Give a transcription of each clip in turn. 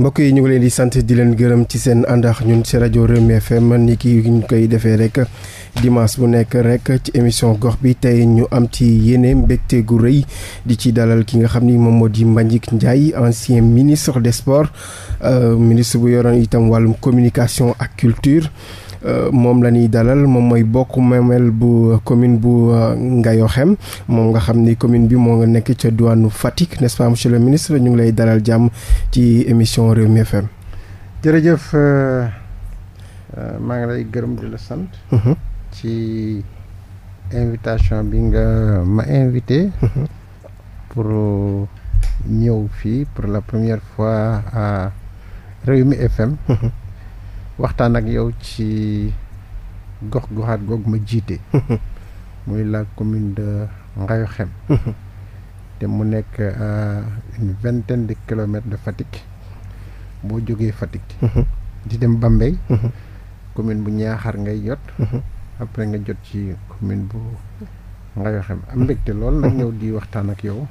mbokk yi ñu ngi leen di sant di leen gërëm ci seen àndax ñun ci rajo Rewmi FM ni ki ñu koy defee rek dimanche bu nekk rek ci émission gox bi tey ñu am ci yenee mbégte gu rëy di ci dalal ki nga xam ni moom moo di Mbagnick Ndiaye ancien ministre des sports euh, ministre bu yoroon itam wàllum communication ak culture Euh, moom la ñuy dalal moom mooy bokk moomeel bu commune bu euh, Ngayokhem moom nga xam ni commune bi moo nga nekk ca diwaanu Fatick n'est-ce pas monsieur ministre ñu ngi lay dalal jàmm ci émission Rewmi FM. jërëjëf euh, maa ngi lay gërëm di la sant. Mhm. ci invitation bi nga ma invité. Mhm. pour ñëw fii pour la première fois à Rewmi FM. Mhm. waxtaan ak yow ci gox goxaat googu ma jiite. muy la commune de xem te mu nekk à euh, une vingtaine de kilomètres de Fatick boo jógee Fatick. di dem Bambey. commune bu Niakhar ngay jot. après nga jot ci commune bu Ngayokhem am mbégte lool nag ñëw di waxtaan ak yow.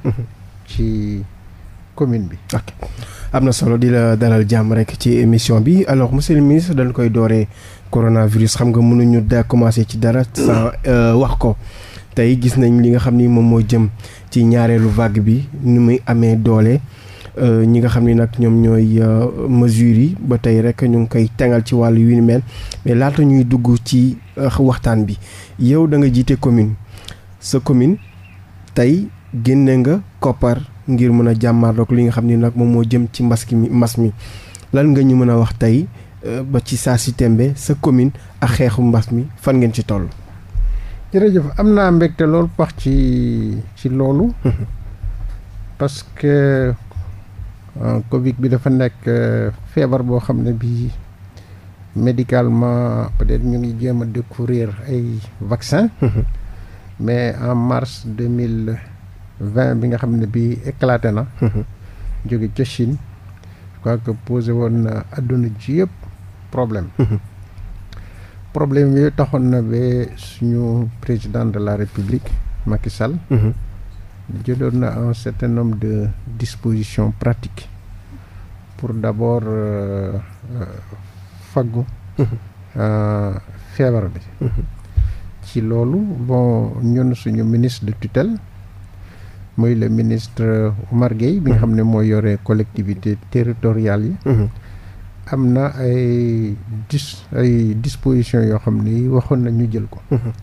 ci. commune bi. ok am na solo di la dalal jàmm rek ci émission bi alors monsieur le ministre dañ koy dooree coronavirus xam nga mënuñu da commencé ci dara. sans euh, wax ko tey gis nañ li nga xam ni moom moo jëm ci ñaareelu vague bi ni muy amee doole. Euh, ñi nga xam ni nag ñoom ñooy euh, mesures yi ba tey rek ñu ngi koy tengal ci wàllu yu ni mel mais laata ñuy dugg ci waxtaan bi yow da nga jiite commune sa commune tey génne nga koppar ngir mën a jàmmaarloog li nga xam ni nag moom moo jëm ci mbas mi mbas mi lan nga ñu mën a wax tey euh, ba ci saa si tembe sa commune ak xeexu mbas mi fan ngeen ci toll. jërëjëf am naa mbégte loolu wax ci ci loolu. Mhm. parce que euh, Covid bi dafa nekk euh, feebar boo xam ne bii médicalement peut-être ñu ngi jéem a découvrir ay vaccin mhm. mais en mars deux mille vin bi nga xam ne bii éclaté na. Mhm. jóge ca Chine. je que posé woon na adduna ji yëpp problème. Mhm. problème yooyu taxoon na ba suñu président de la république Macky Sall. Mhm. na un certain nombre de disposition pratique pour d'abord euh, euh, faggu. Euh, feebar bi. ci loolu bon ñun suñu ministre de tutelle. muy le ministre Omar Gueye bi nga xam ne mm-hmm. moo yore collectivité territoriale yi mm-hmm. am na ay dis ay dispositions yoo xam ne waxoon na ñu jël ko mm-hmm.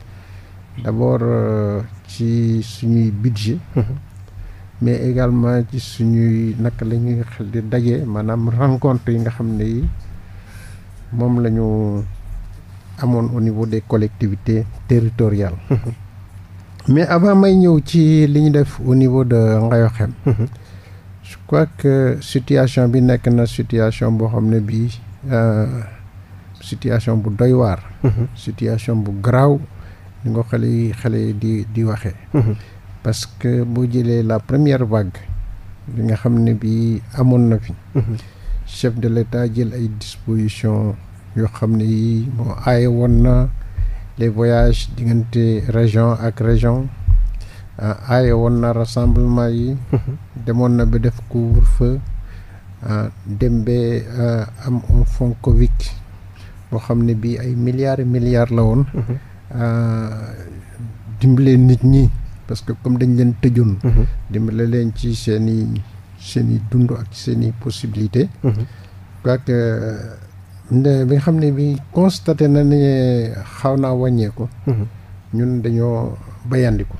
d'abord euh, ci suñuy budget mais également ci suñuy naka la ñuy di daje maanaam rencontre yi nga xam ne yi moom la ñu amoon au niveau des collectivités territoriales mais avant may ñëw ci li ñu def au niveau de Ngayokhème je crois que situation bi nekk na situation boo xam ne bii euh, situation bu doy waar mhm. situation bu garaaw ni nga xale yi xale yi di di waxee mhm. parce que boo jëlee la première vague bi nga xam ne bii amoon na fi mhm. chef de l'État jël ay disposition yoo xam ne yi moo aaye woon na les voyage diggante région ak région euh, aaye woon na rassemblement yi mhm. demoon na ba def couvre-feu euh, dem ba euh, am un fonds Covid boo xam ne bii ay milliards et milliards la woon mhm. dimbale nit ñi parce que comme dañ leen tëjoon mhm. dimbale leen ci seen i seen i dund ak seen i possibilité bi nga xam ne bi constaté na ne xaw naa wàññeeku. Mhm. ñun dañoo bayandiku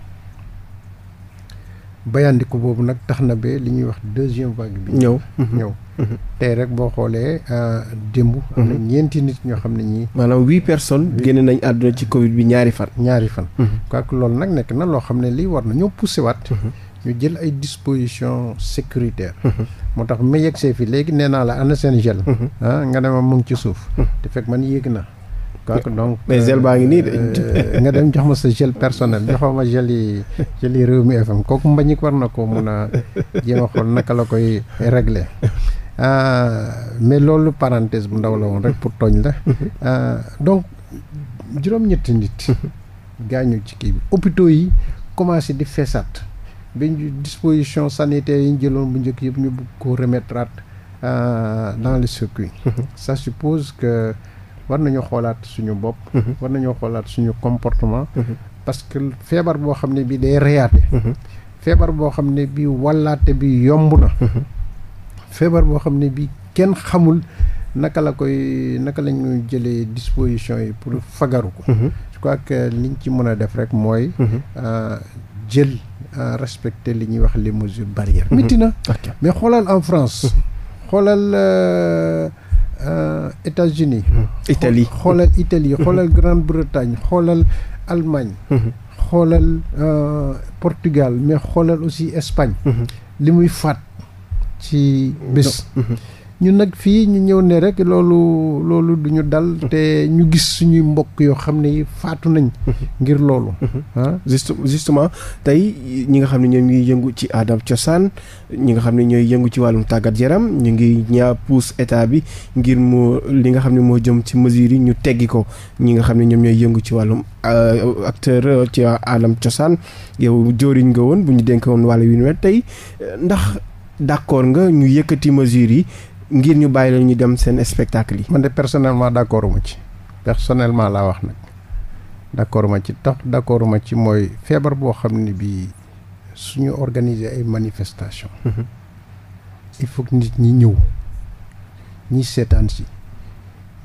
bayandiku boobu nag tax na ba li ñuy wax deuxième vague bi ñëw mhm. ñëw mhm. tey rek boo xoolee euh, démb am ñeenti nit ñoo xam ne ñii maanaam huit personnes génne nañ àdduna ci covid bi ñaari fan ñaari fan quoique loolu nag nekk na loo xam ne lii war na ñoo poussé waat ñu jël ay dispositions sécuritaire mhm. moo tax ma yegg see fii léegi nee naa la ana seen gel. Mhm. ah nga ne ma mu ci suuf. Mhm. te fekk man yéeg na. kooku donc mais gel euh, baa ngi nii euh, nga dem jox ma sa gel personnel joxoo ma gel yi gel yi réew mi FM kooku mbañik war na ko mun a jéem a xool naka la koy régler. Ah, mais loolu parenthèse bu ndaw la woon rek pour tooñ la. Ah, donc juróom-ñetti nit. gaañu ci kii bi hôpitaux yi commencé di feesaat. biñ disposition sanitaire yi ñu jëloon bu njëkk yëpp ñu bëgg ko remettre euh, dans le circuit mm-hmm. ça suppose que war nañu xoolaat suñu bopp mm-hmm. war nañoo xoolaat suñu comportement mm-hmm. parce que feebar boo xam ne bi day reyaate feebar boo xam ne bi wallaate bi yomb na feebar boo xam ne bi kenn xamul naka la koy naka la ñu jëlee disposition yi pour fagaru ko je ak que liñ ci mën a def rek mooy euh, jël euh, respecter li ñuy wax les mesures barrières. Mhm. métti na mais xoolal en France. Mhm. xoolal euh, euh, États-Unis. Mhm. Italie xoolal Italie xoolal Grande-Bretagne xoolal Allemagne. xoolal Portugal mais xoolal aussi Espagne. limuy muy faat ci bés. ñun nag fii ñu ñëw ne rek loolu loolu duñu dal mhm. te ñu gis suñuy mbokk yoo xam ne faatu nañ mhm. ngir loolu mhm. ah juste justement tey ñi nga xam ne ñoom ngi yëngu ci aadam cosaan ñi nga xam ne ñooy yëngu ci wàllum tàggat yaram ñu ngi ñaar pousse état bi ngir mu li nga xam ne moo jëm ci mesures yi ñu teggi ko ñi nga xam ne ñoom ñooy yëngu ci wàllum euh, acteur euh, ci aadam cosaan yow jóoriñ nga woon bu ñu dénk woon nu wi tey ndax d'accord nga ñu yëkkati mesures yi ngir ñu bàyyi la ñu dem seen spectacle yi. man de personnellement d' accord ma ci personnellement laa wax nag d' accord ma ci tax d' accord ma ci mooy feebar boo xam ne bii suñu organiser ay manifestation mhm. il faut que nit ñi ñëw ñi seetaan si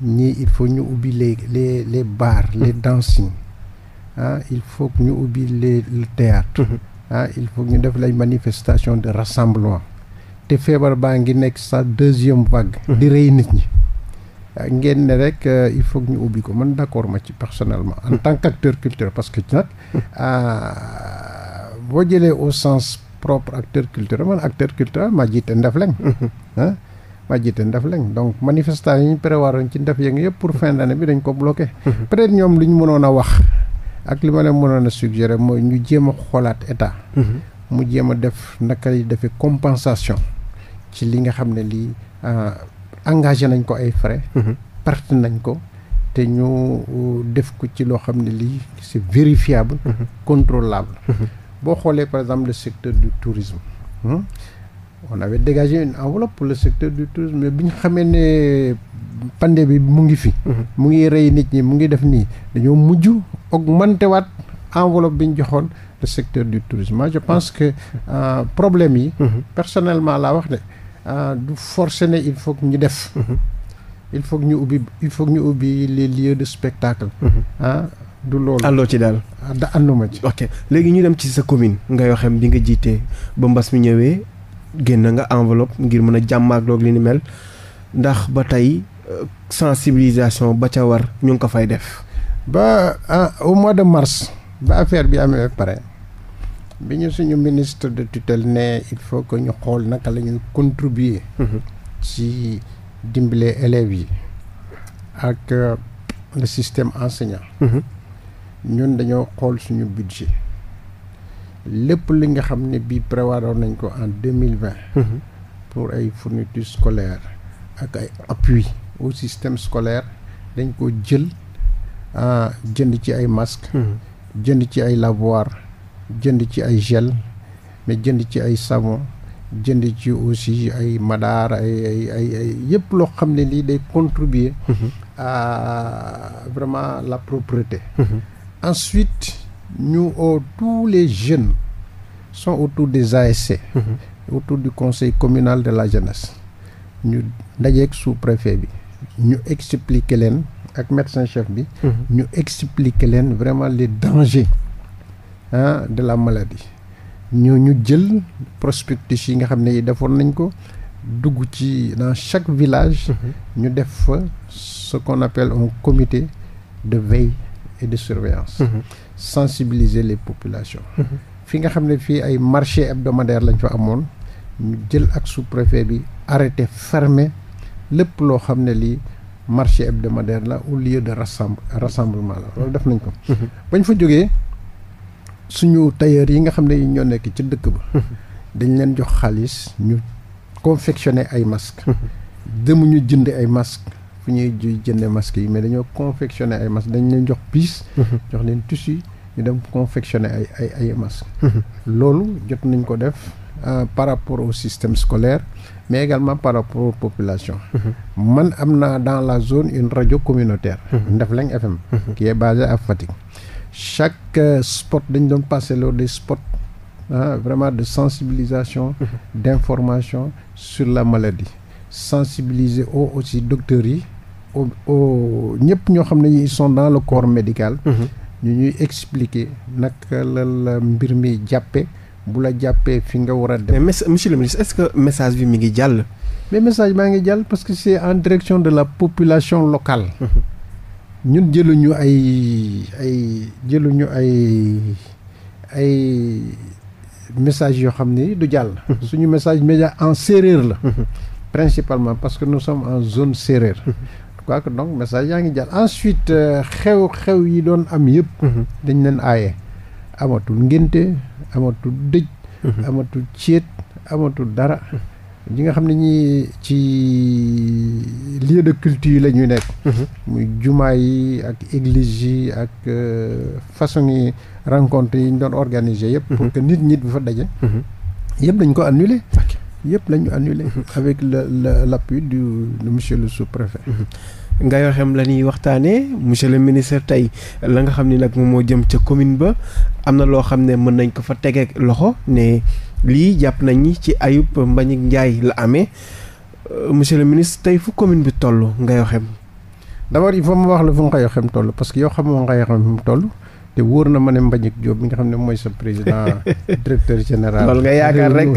ñii il faut ñu ubbi les les les bars les mhm. dancing ah il faut que ñu ubbi les le théâtre mhm. ah il faut ñu def lay manifestation de rassemblement te feebar baa ngi nekk sa deuxième vague. Mhm. di rey nit ñi. Euh, ngeen ne rek euh, il faut que ñu ubbi ko man d' accord ma ci personnellement. en mhm. tant qu' acteur culturel parce que nag mhm. euh, boo jëlee au sens propre acteur culture man acteur culturel ma jiite Ndefleng. ah maa jiite Ndefleng donc manifestation yi ñu prévoir ci ndef yeeg yëpp pour fin d' bi dañ ko bloqué. peut être ñoom lu ñu mënoon a wax. ak li ma leen mënoon a suggéré mooy ñu jéem a xoolaat état. mu jéem a def naka lay defee compensation. ci li nga xam ne lii euh, engagé nañ ko ay frais mm-hmm. perte nañ ko te ñu euh, def ko ci loo xam ne lii c'est vérifiable mm-hmm. contrôlable mm-hmm. boo xoolee par exemple le secteur du tourisme hmm? on avait dégagé une enveloppe pour le secteur du bi ñu xamee ne pande bi mu ngi fi mu ngi rey nit ñi mu ngi def nii dañoo mujj augmenté waat enveloppe bi ñu joxoon le secteur du tourisme moi je pense que euh, problème yi personnellement laa wax ne Euh, du forcer ne il faut que ñu def. Mhm. il faut que ñu ubbi il faut que ñu ubbi les lieux de spectacle. Mhm. ah du loolu. àlloo ci daal. Ah, da ànduma ci. ok léegi ñu dem ci sa commune. nga yoo xam bi nga jiitee ba mbas mi ñëwee génn nga enveloppe ngir mën a jàmmaarloog li ni mel ndax ba tey euh, sensibilisation ba ca war ñu ngi ko fay def. ba ah, au mois de mars ba affaire bi amee pare. bi ñu suñu ministre de tutelle ne il faut que ñu xool naka la contribuer mhm. ci dimbale élèves yi ak euh, le système enseignant mhm. ñun dañoo xool suñu budget lépp li nga xam ne bii prévoir nañ ko en deux mille vingt mhm. pour ay fourniture scolaire ak ay appui au système scolaire dañ ko jël euh, jënd ci ay masques jënd ci ay lavoir jënd ci ay gel mais jënd ci ay savon jënd ci aussi ay madaar ay ay ay ay yëpp loo xam ne lii day contribuer mhm. à vraiment la propreté mhm. ensuite ñu oo tous les jeunes sont autour des ASC mhm. autour du conseil communal de la jeunesse ñu ndajeek sous-préfet bi ñu expliquer leen ak médecin chef bi ñu expliquer leen vraiment les dangers ah de la maladie ñu ñu jël prospectus yi nga xam ne yi defoon nañ ko dugg ci dans chaque village mhm. ñu def fa ce qu'on appelle un comité de veille et de surveillance mmh. sensibiliser les populations mhm. fi nga xam ne fii ay marché hebdomadaire lañ fa amoon ñu jël ak sous-préfet bi arrêté fermé lépp loo xam ne lii marché hebdomadaire la au lieu de rassemble rassemblement la loolu def nañ ko mhm. bañ fa jógee suñu tailleur yi nga xam ne ñoo nekk ci dëkk ba dañ leen jox xaalis ñu confectionner ay masques demuñu jënd ay masques fu ñuy jënde masques yi mais dañoo confectionner ay masques dañ leen jox piis jox leen tissu ñu dem confectionner ay ay ay masques loolu jot nañ ko def euh, par rapport au système scolaire mais également par rapport aux populations man am naa dans la zone une rajo communautaire Ndefleng FM qui est basée à Fatick chaque euh, spot dañu doon passé loo des spots ah vraiment de sensibilisation d'information sur la maladie sensibiliser au aussi docteurs yi au au ñëpp ñoo xam ne ils sont dans le corps médical mhm. ñu ñuy expliquer naka la la mbir mi jàppee bu la jàppee fi nga war a dem mais monsieur le ministre est que message bi mi ngi jàll mais message maa ngi jàll parce que c'est en direction de la population locale mhm. ñun ñu ay ay jëluñu ay ay message yoo xam ni du jàll. suñu message média en séréer la. principalement parce que nous sommes en zone séeréer. quoi que donc message yaa ngi jàll ensuite euh, xew-xew yi doon am yëpp. Mhm. dañ leen aaye amatul ngénte amatul dëj. Mhm. amatul céet amatul dara. Mhm. ñi nga xam ne ñi ci lieu de culture yi la ñuy nekk mhm. muy jumaa yi ak église yi ak euh, façon yi rencontre yi ñu doon organiser yëpp mhm. pour que nit ñi bu fa daje mhm. yëpp dañ ko annuler yëpp la annule annulé avec le le du de monsieur le sous-préfet nga yoo xam ñuy waxtaanee monsieur le ministre tey la nga xam ni nag moom moo jëm ca commune ba am na loo xam ne mën nañ ko fa tegee loxo ne lii jàpp nañ ni ci ayub Mbagnick Ndiaye la amee euh, monsieur le ministre tey fu commune bi toll Ngayokhème d'abord il faut ma wax la fu Ngayokhème toll parce que yoo xamoo Ngayokhème fu mu toll te wóor na ma ne Mbagnick Diop mi nga xam ne mooy sa président directeur général loolu nga yaakaar rek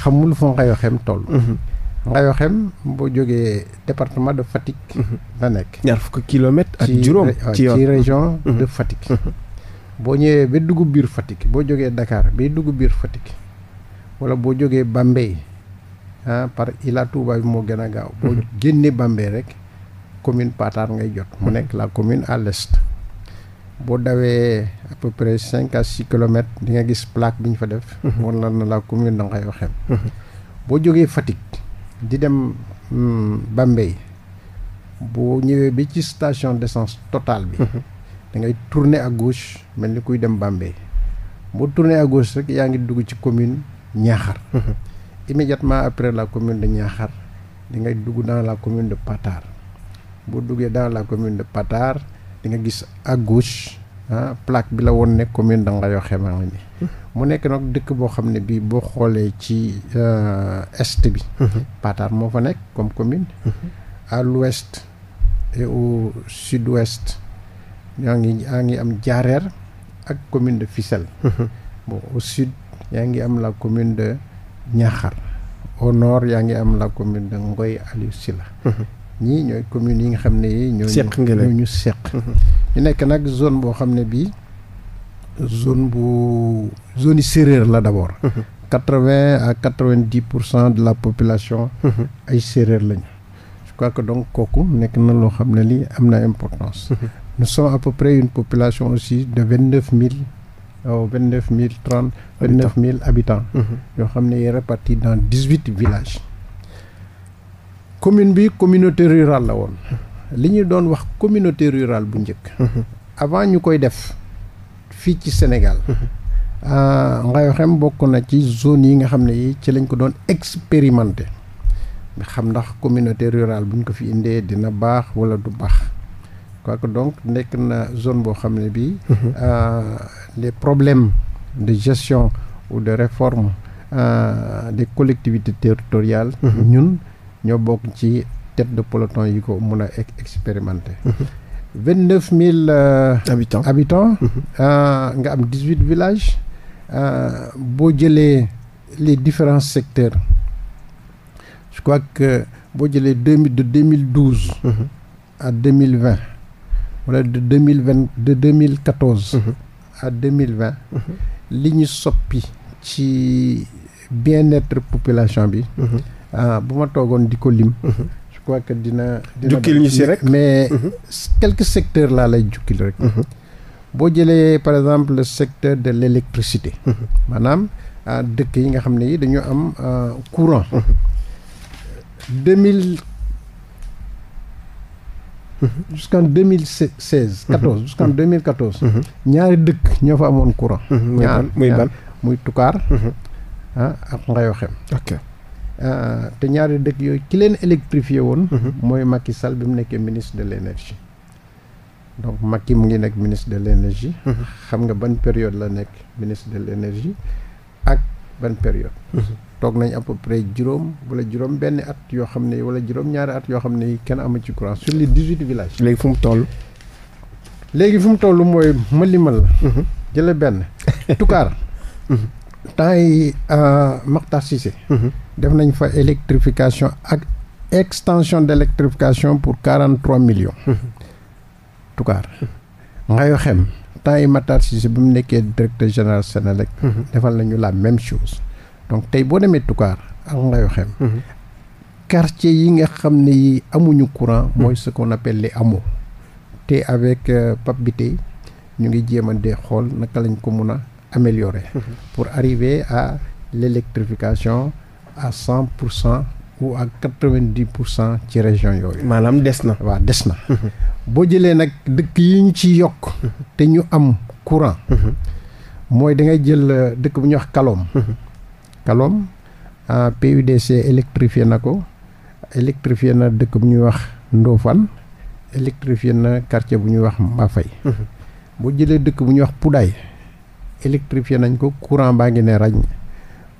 xamul fu Ngayokhème toll Ngayokhème boo jógee département de Fatick mhm. la nekk ñaar fukki kilomètre ak juróom ci région mhm. de Fatick mhm. boo ñëwee ba dugub biir Fatick boo jógee dakaar bay dugg biir Fatick wala boo jógee Bambey ah par Ila Touba bi moo gën a gaaw. boo mm-hmm. génnee Bambey rek commune Patar ngay jot. mu mm-hmm. nekk la commune à l'est boo dawee à peu près cinq à six kilomètres di nga gis plaque bi ñu fa def. Mm-hmm. wan la na la commune da ngay waxee. boo jógee Fatick di dem hmm, Bambey boo ñëwee bi ci station d'essence Total bi. da ngay tourner à gauche mel ni kuy dem Bambey boo tourner à gauche rek yaa ngi dugg ci commune. Niakhar. Mhm. immédiatement après la commune de Niakhar di nga dugg dans la commune de Patar boo duggee dans la commune de Patar di nga gis à gauche ah plaque bi la woon ne commune da nga yoo xamante ni mu nekk nag dëkk boo xam ne bii boo xoolee ci euh, st bi. Mhm. Patar moo fa nekk comme commune. Mhm. à l'ouest et au sud-ouest ñaa ngi am Diarère ak commune de Fissel. yaa ngi am la commune de Niakhar au nord yaa ngi am la commune de Ngoy Aliou Sylla mhm. ñii ñooy communes yi nga xam ne yi ñoo ñu seq mhm. ñu nekk nag zone boo xam ne bii zone bu zone yi séréer la d'abord mhm. quatre-vingt à quatre vingt pour cent de la population ay séeréer lañu je crois que donc kooku nekk na loo xam ne lii am na importance nous sommes à peu une population aussi de vingt-neuf mille Oh, vingt neuf mille trente vingt mille habitants mhm. yoo xam ne yi répartis dans dix huit commune bi communauté rural la woon li ñu doon wax communauté rural bu njëkk mhm. avant ñu koy def fii ci Sénégal mhm. ah, Ngayoxem bokk na ci zone yi nga xam ne yi ci lañ ko doon expérimenté xam ndax communauté rural buñ ko fi indee dina baax wala du baax que donc nekk na zone boo xam ne bii. Mhm. Euh, les problèmes de gestion ou de réforme euh, des collectivités territoriales. Mhm. ñun ñoo bokk ci tête de peloton yi ko mun a e-, expérimenter. Mhm. vingt neuf mille. Euh, habitants habitants. Euh, nga am dix huit villages. boo jëlee les différents secteurs je crois que boo jëlee deux mille de deux mille douze. a deux mille vingt. wala de deux mille vingt de deux mille quatorze. Mhm. à deux mille vingt. Mhm. li ñu soppi ci bien-être population bi. Mhm. Ah, bu ma toogoon di ko lim. je que dina. dina jukkil ñu si rek mais. quelque secteurs laa lay jukkil rek. boo jëlee par exemple le secteur de l' électricité. maanaam ah, dëkk yi nga xam ne yi dañu am ah, courant. Mm-hmm. jusqu'en deux mille seize quatorze mm-hmm. jusqu'en deux mille quatorze mm-hmm. ñaari dëkk ñoo fa amoon courant ñaar muy ban muy tukaar ah ak ngayo xem ok ah, te ñaari dëkk yooyu ki leen électrifié woon mooy Macky Sall bi mu nekkee ministre de l'énergie donc Macky mu ngi nekk ministre de l'énergie xam nga ban période la nekk ministre de l'énergie ak ban période toog nañ à peu près juróom wala juróom benn at yoo xam ne wala juróom-ñaari at yoo xam ne kenn am amu ci courant sur les dix-huit villages. léegi fu mu toll. léegi fu mu toll mooy Malimal. Mhm. jële benn Toucar. Mhm. temps yi euh, Makhtar mhm. def nañ fa électrification ak extension d' électrification pour quarante trois millions. Toucar. Ngayo Xem temps yi Makhtar bi mu nekkee directeur général Sénélec. defal nañu la même chose. donc tey boo demee Toucar ak Ngayoxem mhm. quartier yi nga xam ne yi amuñu courant mhm. mooy ce qu'on appelle les te avec euh, Pape Biteye ñu ngi jéem a de xool naka lañ ko mun a améliorer mhm. pour arriver à l'électrification à cent pour cent ou à quatre pour cent ci région yooyu maanaam des na waaw des na boo jëlee nag dëkk yi ñu ci yokk te ñu am courant mooy da ngay jël euh, dëkk bu ñuy wax Kalom Kalom PUDC électrifié na ko électrifié na dëkk bu ñuy wax Ndofane électrifié na quartier bu ñuy wax Mbafay boo jëlee dëkk bu ñuy wax Poudaye électrifié nañ ko courant baa ngi ne ràññ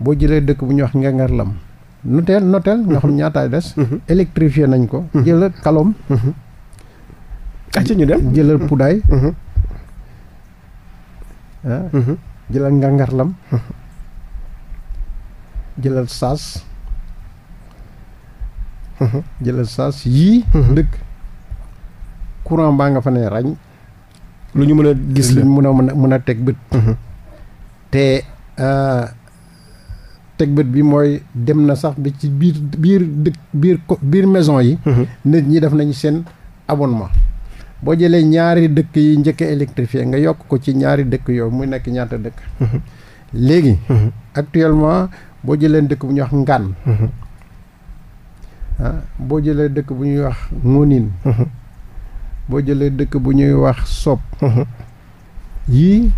boo jëlee dëkk bu ñuy wax Ngangarlam noteel noteel nga xam ñaataay des électrifié nañ ko jëlal Kalom acca ñu dem jëlal Poudaye ah jëlal Ngangarlam jëlal saas mhm. jëlal saas yii mhm. dëkk courant baa nga fa ne ràññ lu ñu mën a gis la mën mën a mën a teg bët mhm. te euh, teg bët bi mooy dem na sax bi ci biir biir dëkk biir biir maison yi nit ñi def nañu seen abonnement boo jëlee ñaari dëkk yi njëkk électrifié nga yokk ko ci ñaari dëkk yow muy nekk ñaata dëkk léegi actuellement boo jëlee dëkk bu ñuy wax ngaan mm-hmm. ah boo jëlee dëkk bu ñuy wax ŋonin mm-hmm. boo jëlee dëkk bu ñuy wax sob mm-hmm. yii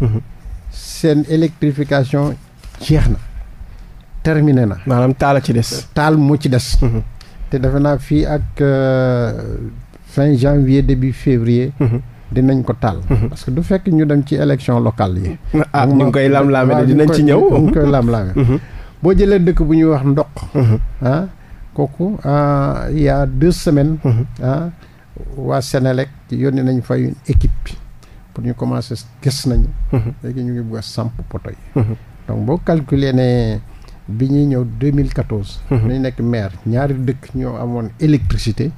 seen électrification jeex na terminé na maanaam taal a ci des taal mu ci des te defe naa fii ak euh, fin janvier début février dinañ ko taal parce que du fekk ñu dem ci élection locale yi ak ah, ñu ngi koy lam-laame dinañ ci ñëw ñu boo jëlee dëkk bu ñuy wax ndox. Mhm. ah kooku ah, il y a deux semaines. Mhm. ah waa Sénélec yónnee nañu fa une équipe pour ñu commencer gis nañu. Mhm. ñu ngi bëgg samp poto yi. donc boo calculer ne bi ñuy ñëw 2014. nañ nekk maire ñaari dëkk ñoo amoon électricité.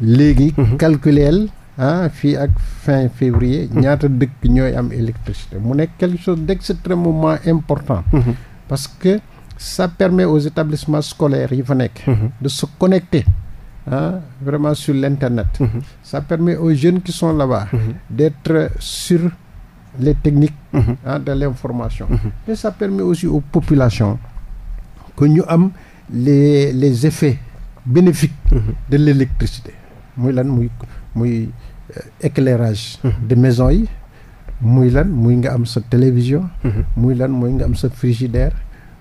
léegi calculeel ah fii ak fin février ñaata dëkk ñooy am électricité mu nekk quelque chose d'extrêmement important. parce ça permet aux établissements scolaires yi fa nekk. Mhm. de se connecter ah vraiment sur l'internet. Mm -hmm. ça permet aux jeunes qui son là-bas. Mm -hmm. d'être sur les techniques. ah de l'information. mais mhm. ça permet aussi aux populations que ñu am les les effets bénéfiques. de l'électricité muy lan muy muy euh, éclairage. de maison yi. muy lan muy nga am sa télévision. muy lan muy nga am sa frigidaire.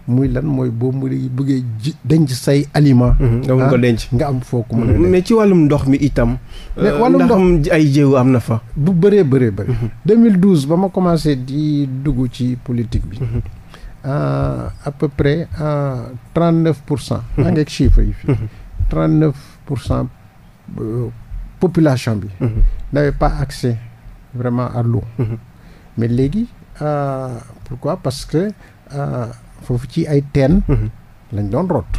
muy lan mooy boo mu bëggee ji denc say aliment mhm, nga ah, ko denc nga am foo ko mën a mhm, mais ci wàllum ndox mi itam. mais euh, wàllum ndox ay jéego am na fa. bu bëree bëree bëri. 2012 mhm. ba ma commencé di dugg ci politique bi. Euh, à peu près à euh, pour cent. maa pour cent population pas accès vraiment à l'eau mais léegi pourquoi parce que. foofu ci ay teen. Mhm. lañ doon root.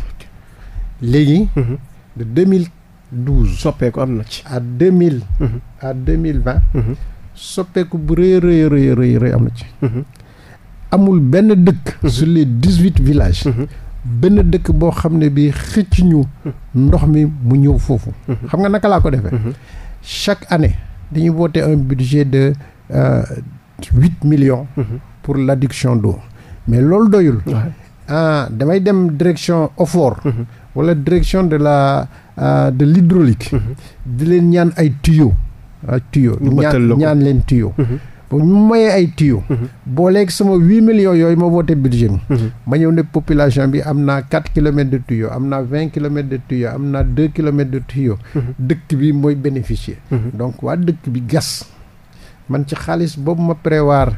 léegi. Mhm. de deux mille douze. soppeeku am na ci. à mille. Mhm. à deux mille vingt. soppeeku bu rëy rëy rëy am na ci. amul benn dëkk. sur les dix huit villages. benn dëkk boo xam ne bii xëcc ñu. ndox mi mu ñëw foofu. xam nga naka laa ko defee. chaque année dañuy voter un budget de euh, huit euh, millions. pour l'adduction d'eau. mais loolu doyul. Ah, damay dem direction OFOR. Mhm. wala direction de la ah, de l'hydraulique mhm. di leen ñaan ay tuyaux. ay ah, tuyaux ñaan ñaan leen tuyaux. Mhm. bu ñu mayee ay tuyaux. booleek sama huit millions yooyu ma woote budget ma ñëw ne population bi am naa quatre kilomètres de tuyaux am naa vingt kilomètres de tuyaux am naa deux kilomètres de tuyaux. dëkk bi mooy bénéficier. donc waa dëkk bi gas. man ci xaalis boobu ma prévoir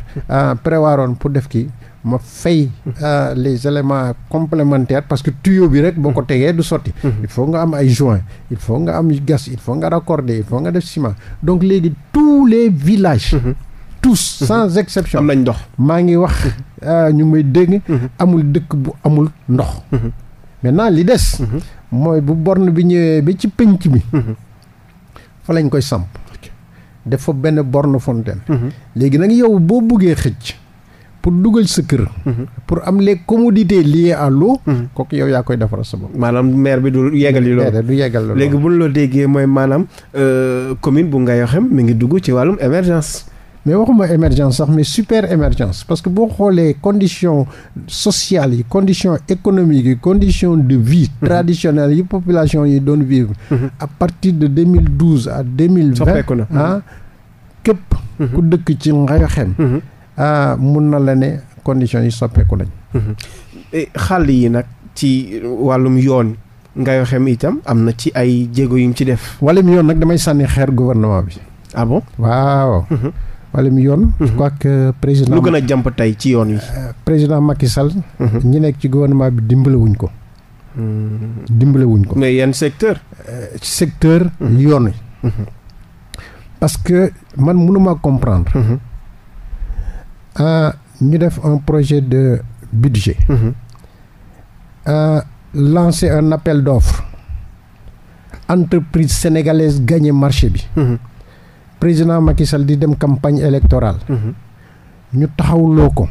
prévoiroon pour def kii ma fay euh, les éléments complémentaires parce que tuyau bi rek boo ko mm-hmm. tegee du sotti mm-hmm. il faut nga am ay joint il faut nga am gas il faut nga raccorder il faut nga def ciment donc léegi tous les villages mm-hmm. tous sans exception am nañ ndox maa ngi wax euh, ñu muy dégg amul dëkk bu amul ndox maintenant li des mooy bu borne bi ñëwee bi ci penc bi fa lañ koy samp fa benn borne fontaine léegi nag yow boo buggee xëcc pour dugal sa kër. Mhm. pour am les commodités liées à l'eau mhm. kooku yow yaa koy defaral sa bopp. maanaam maire bi du yeggal yi loolu du yeggal loolu léegi bu ñu la déggee mooy maanaam euh, commune bu Ngayokhème mi ngi dugg ci wàllum émergence. mais waxuma émergence sax mais super émergence parce que boo xoolee condition sociales yi conditions économique yi conditions de vie mhm. traditionnelles yi population yi doon vivre à partir de 2012 à 2020 ah képp ku dëkk ci Ngayokhème ah mun na la ne conditions yi soppeeku nañ mhm. eh, xàll yi nag ci wàllum yoon. ngay xam itam am na ci ay jéego yu ñu ci def. wàllum yoon nag damay sànni xeer gouvernement bi. ah bon waaw. Mhm. wàllum yoon. je mhm. que président. lu gën tey ci yoon wi. Euh, président Macky Sall. ñi nekk ci gouvernement bi dimbalewuñ ko. Hmm. dimbalewuñ ko. mais yan secteur. Euh, secteur yoon wi. parce que man mënuma comprendre. Euh, ñu def un projet de budget. Mmh. Euh, lancer un appel d'offres entreprise sénégalaise gagner marché bi. Mmh. président Macky di dem campagne électorale. Mm-hmm. ñu taxawuloo ko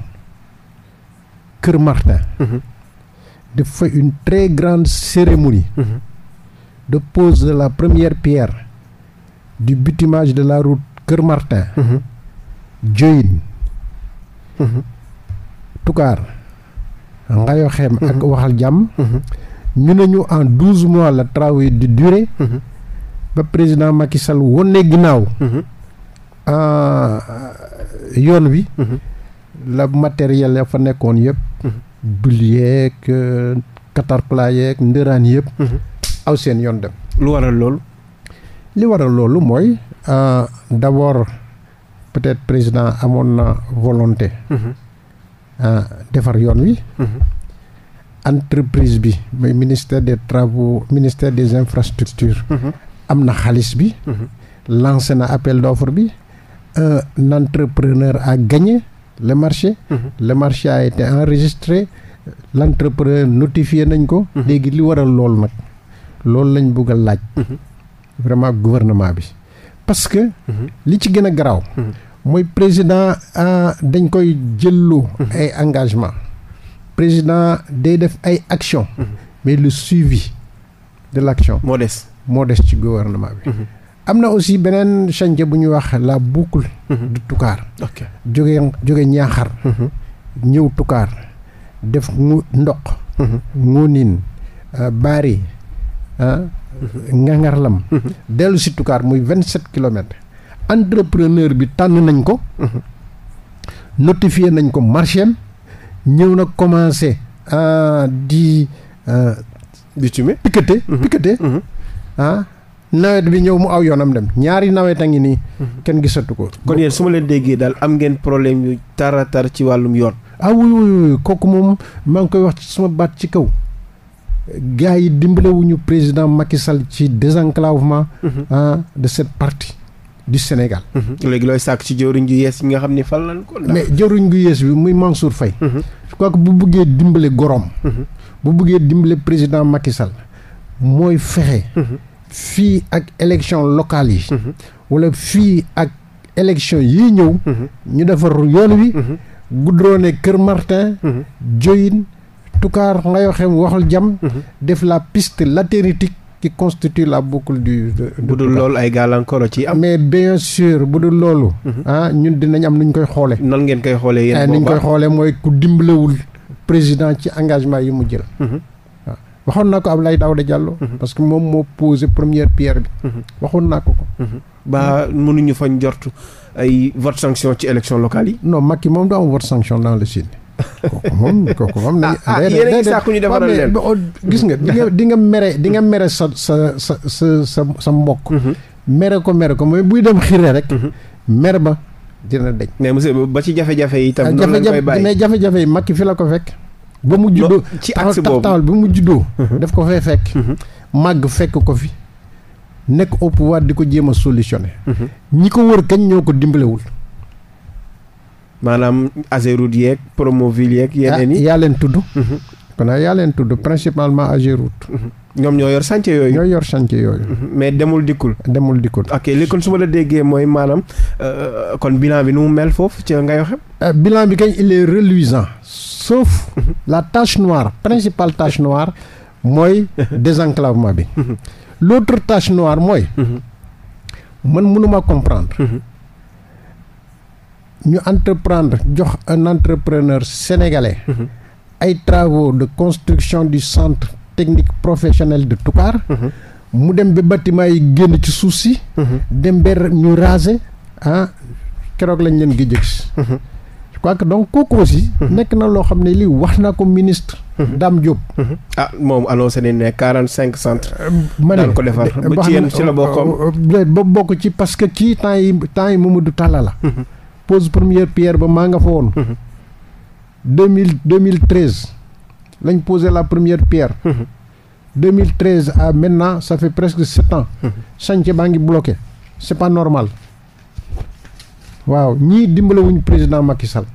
Kër Martin. Mm-hmm. def fa une très grande cérémonie. Mm-hmm. de pose de la première pierre du bitumage de la route Kër Martin. Diohine. Mhm. tukaar ngayo xeem ak mhm. waxal jàmm mhm. ñu ne ñu en douze mois la travaux yi di ba président Macky Sall wone ginnaaw yoon wi la matériel ya fa nekkoon yëpp bul yeeg caterpillar euh, yeeg ndëraan yëpp aw seen yoon dem lu waral loolu li waral loolu mooy d'abord peut-être président amoon na volonté. Mm-hmm. Ah, defar yoon wi. Mm-hmm. entreprise bi mooy ministère des travaux ministère des infrastructures. Mm-hmm. am na xaalis bi. lancé na appel d'offre bi. un entrepreneur ak gagné le marché. le marché a été enregistré. l'entrepreneur notifié nañ ko. léegi li waral loolu nag. loolu lañ bëgg a laaj. vraiment gouvernement bi. parce que. Mhm. li ci gën a garaaw. Mhm. mooy président euh, dañ koy jëllu mhm. ay engagement président day def ay action mais le suivi de l' moo des moo des ci gouvernement bi. am na aussi beneen chantier bu ñuy wax la boucle. du Toucar. jóge jóge ñaaxar. ñëw Toucar def ndox. ngoonin euh, bari ngangarlam dellu si Toucar muy vingt sept kilomètres entrepreneur bi tànn nañ ko notifié nañ ko marché ñëw na commencé euh, di bitume euh, piqueté mhm. mhm. ah, nawet bi ñëw mu aw am dem ñaari nawet a ngi ni mhm. kenn gisatu ko kon yéen su ma leen déggee daal am ngeen problème yu taratar ci wàllum yoon ah oui oui kooku moom maa ngi koy wax suma baat ci kaw gars yi dimbalewuñu président Macky Sall ci désenclavement ah de cette partie du Sénégal. Mhm. léegi looy sàkk ci jëwriñ ju yi nga xam ni fal nañ ko. mais jëwriñ gu yees bi muy Mansour Faye. kooku mhm. bu buggee dimbale gorom. bu buggee dimbale président Macky Sall mooy fexe. fii ak élection locale yi. wala fii ak élection yi ñëw. ñu defar yoon wi. goudronné Kër Martin. Diohine. Toucar Ngayoxem waxul jam mhm. def la piste latéritique ci constitue la boucle du. bu dul loolu ay gàllankoor ci am. mais bien sûr bu dul loolu. Mhm. ah ñun dinañ am nu ñu koy xoolee. nan ngeen koy xoolee yéen eh, ni ñu koy xoolee mooy ku dimbalewul président ci engagement yi mu jël. waaw mhm. ah, waxoon naa ko Abdoulaye Daouda Diallo. parce que moom moo posé première pierre bi. waxoon naa ko ko. ba mënuñu fañ jort ay vote sanction ci élection locale yi. non Macky moom du am vote sanction dans le sud. kooku moom naa moom. ah ah yéen a ngi sàkku ñu defaral leen gis nga di nga di nga mere di nga mere sa sa sa sa sa sa mbokk. Mhm. mere ko mere ko mooy buy dem xiree rek. Mhm. mer ba dina deñ. mais monsieur ba ci jafe-jafe yi tam. Ah, noonu lañ koy bàyyi mais jafe-jafe yi Macky fi la ko fekk. ba mu juddoo ci axe boobu taxawal ba mu juddoo. Mhm. daf ko fay fekk. màgg fekk ko fi. nekk au pouvoir di ko jéem a solutionné. ñi ko wër kañ ñoo ko dimbalewul. maanaam Ageroute yeeg Promoville yeeg. yeneen yi ah, yaa leen tudd. Mhm. kon ah, yaa leen tudd principalement Ageroute. Mhm. ñoom ñoo yor chantier yooyu. ñoo yor chantier yooyu. Mhm. mais demul dikkul. demul dikkul. ok léegi kon su la déggee mooy maanaam euh, kon bilan bi nu mu mel foofu ci ngay waxe euh, bilan bi kay il est reluisant sauf la tache noire principale tache noire mooy désenclavement bi. l'autre tache noire mooy. man mënuma comprendre. ñu entreprendre jox un entrepreneur sénégalais. Mm-hmm. ay mmh. de construction du centre technique professionnel de Toucar. Mm-hmm. mu dem ba bâtiment yi génn ci suuf si. Mm-hmm. dem ba ñu raser ah keroog lañ leen gi gis. je que donc kooku aussi. nekk na loo xam ne lii wax naa ko ministre. Dame Diop. ah moom annoncé nañ ne quarante cinq centres. Euh, ma ko defar ba ci yéen ci ba euh, euh, bokk ci parce que kii temps yi temps yi Mamadou Talla la. pose première pierre ba maa nga fa woon. Mhm. deux mille deux mille treize lañ posé la première pierre. Mhm. deux mille treize à maintenant ça presque sept ans. Mhm. chantier baa ngi bloqué c'est pas normal. waaw ñii dimbalewuñ président Macky Sall.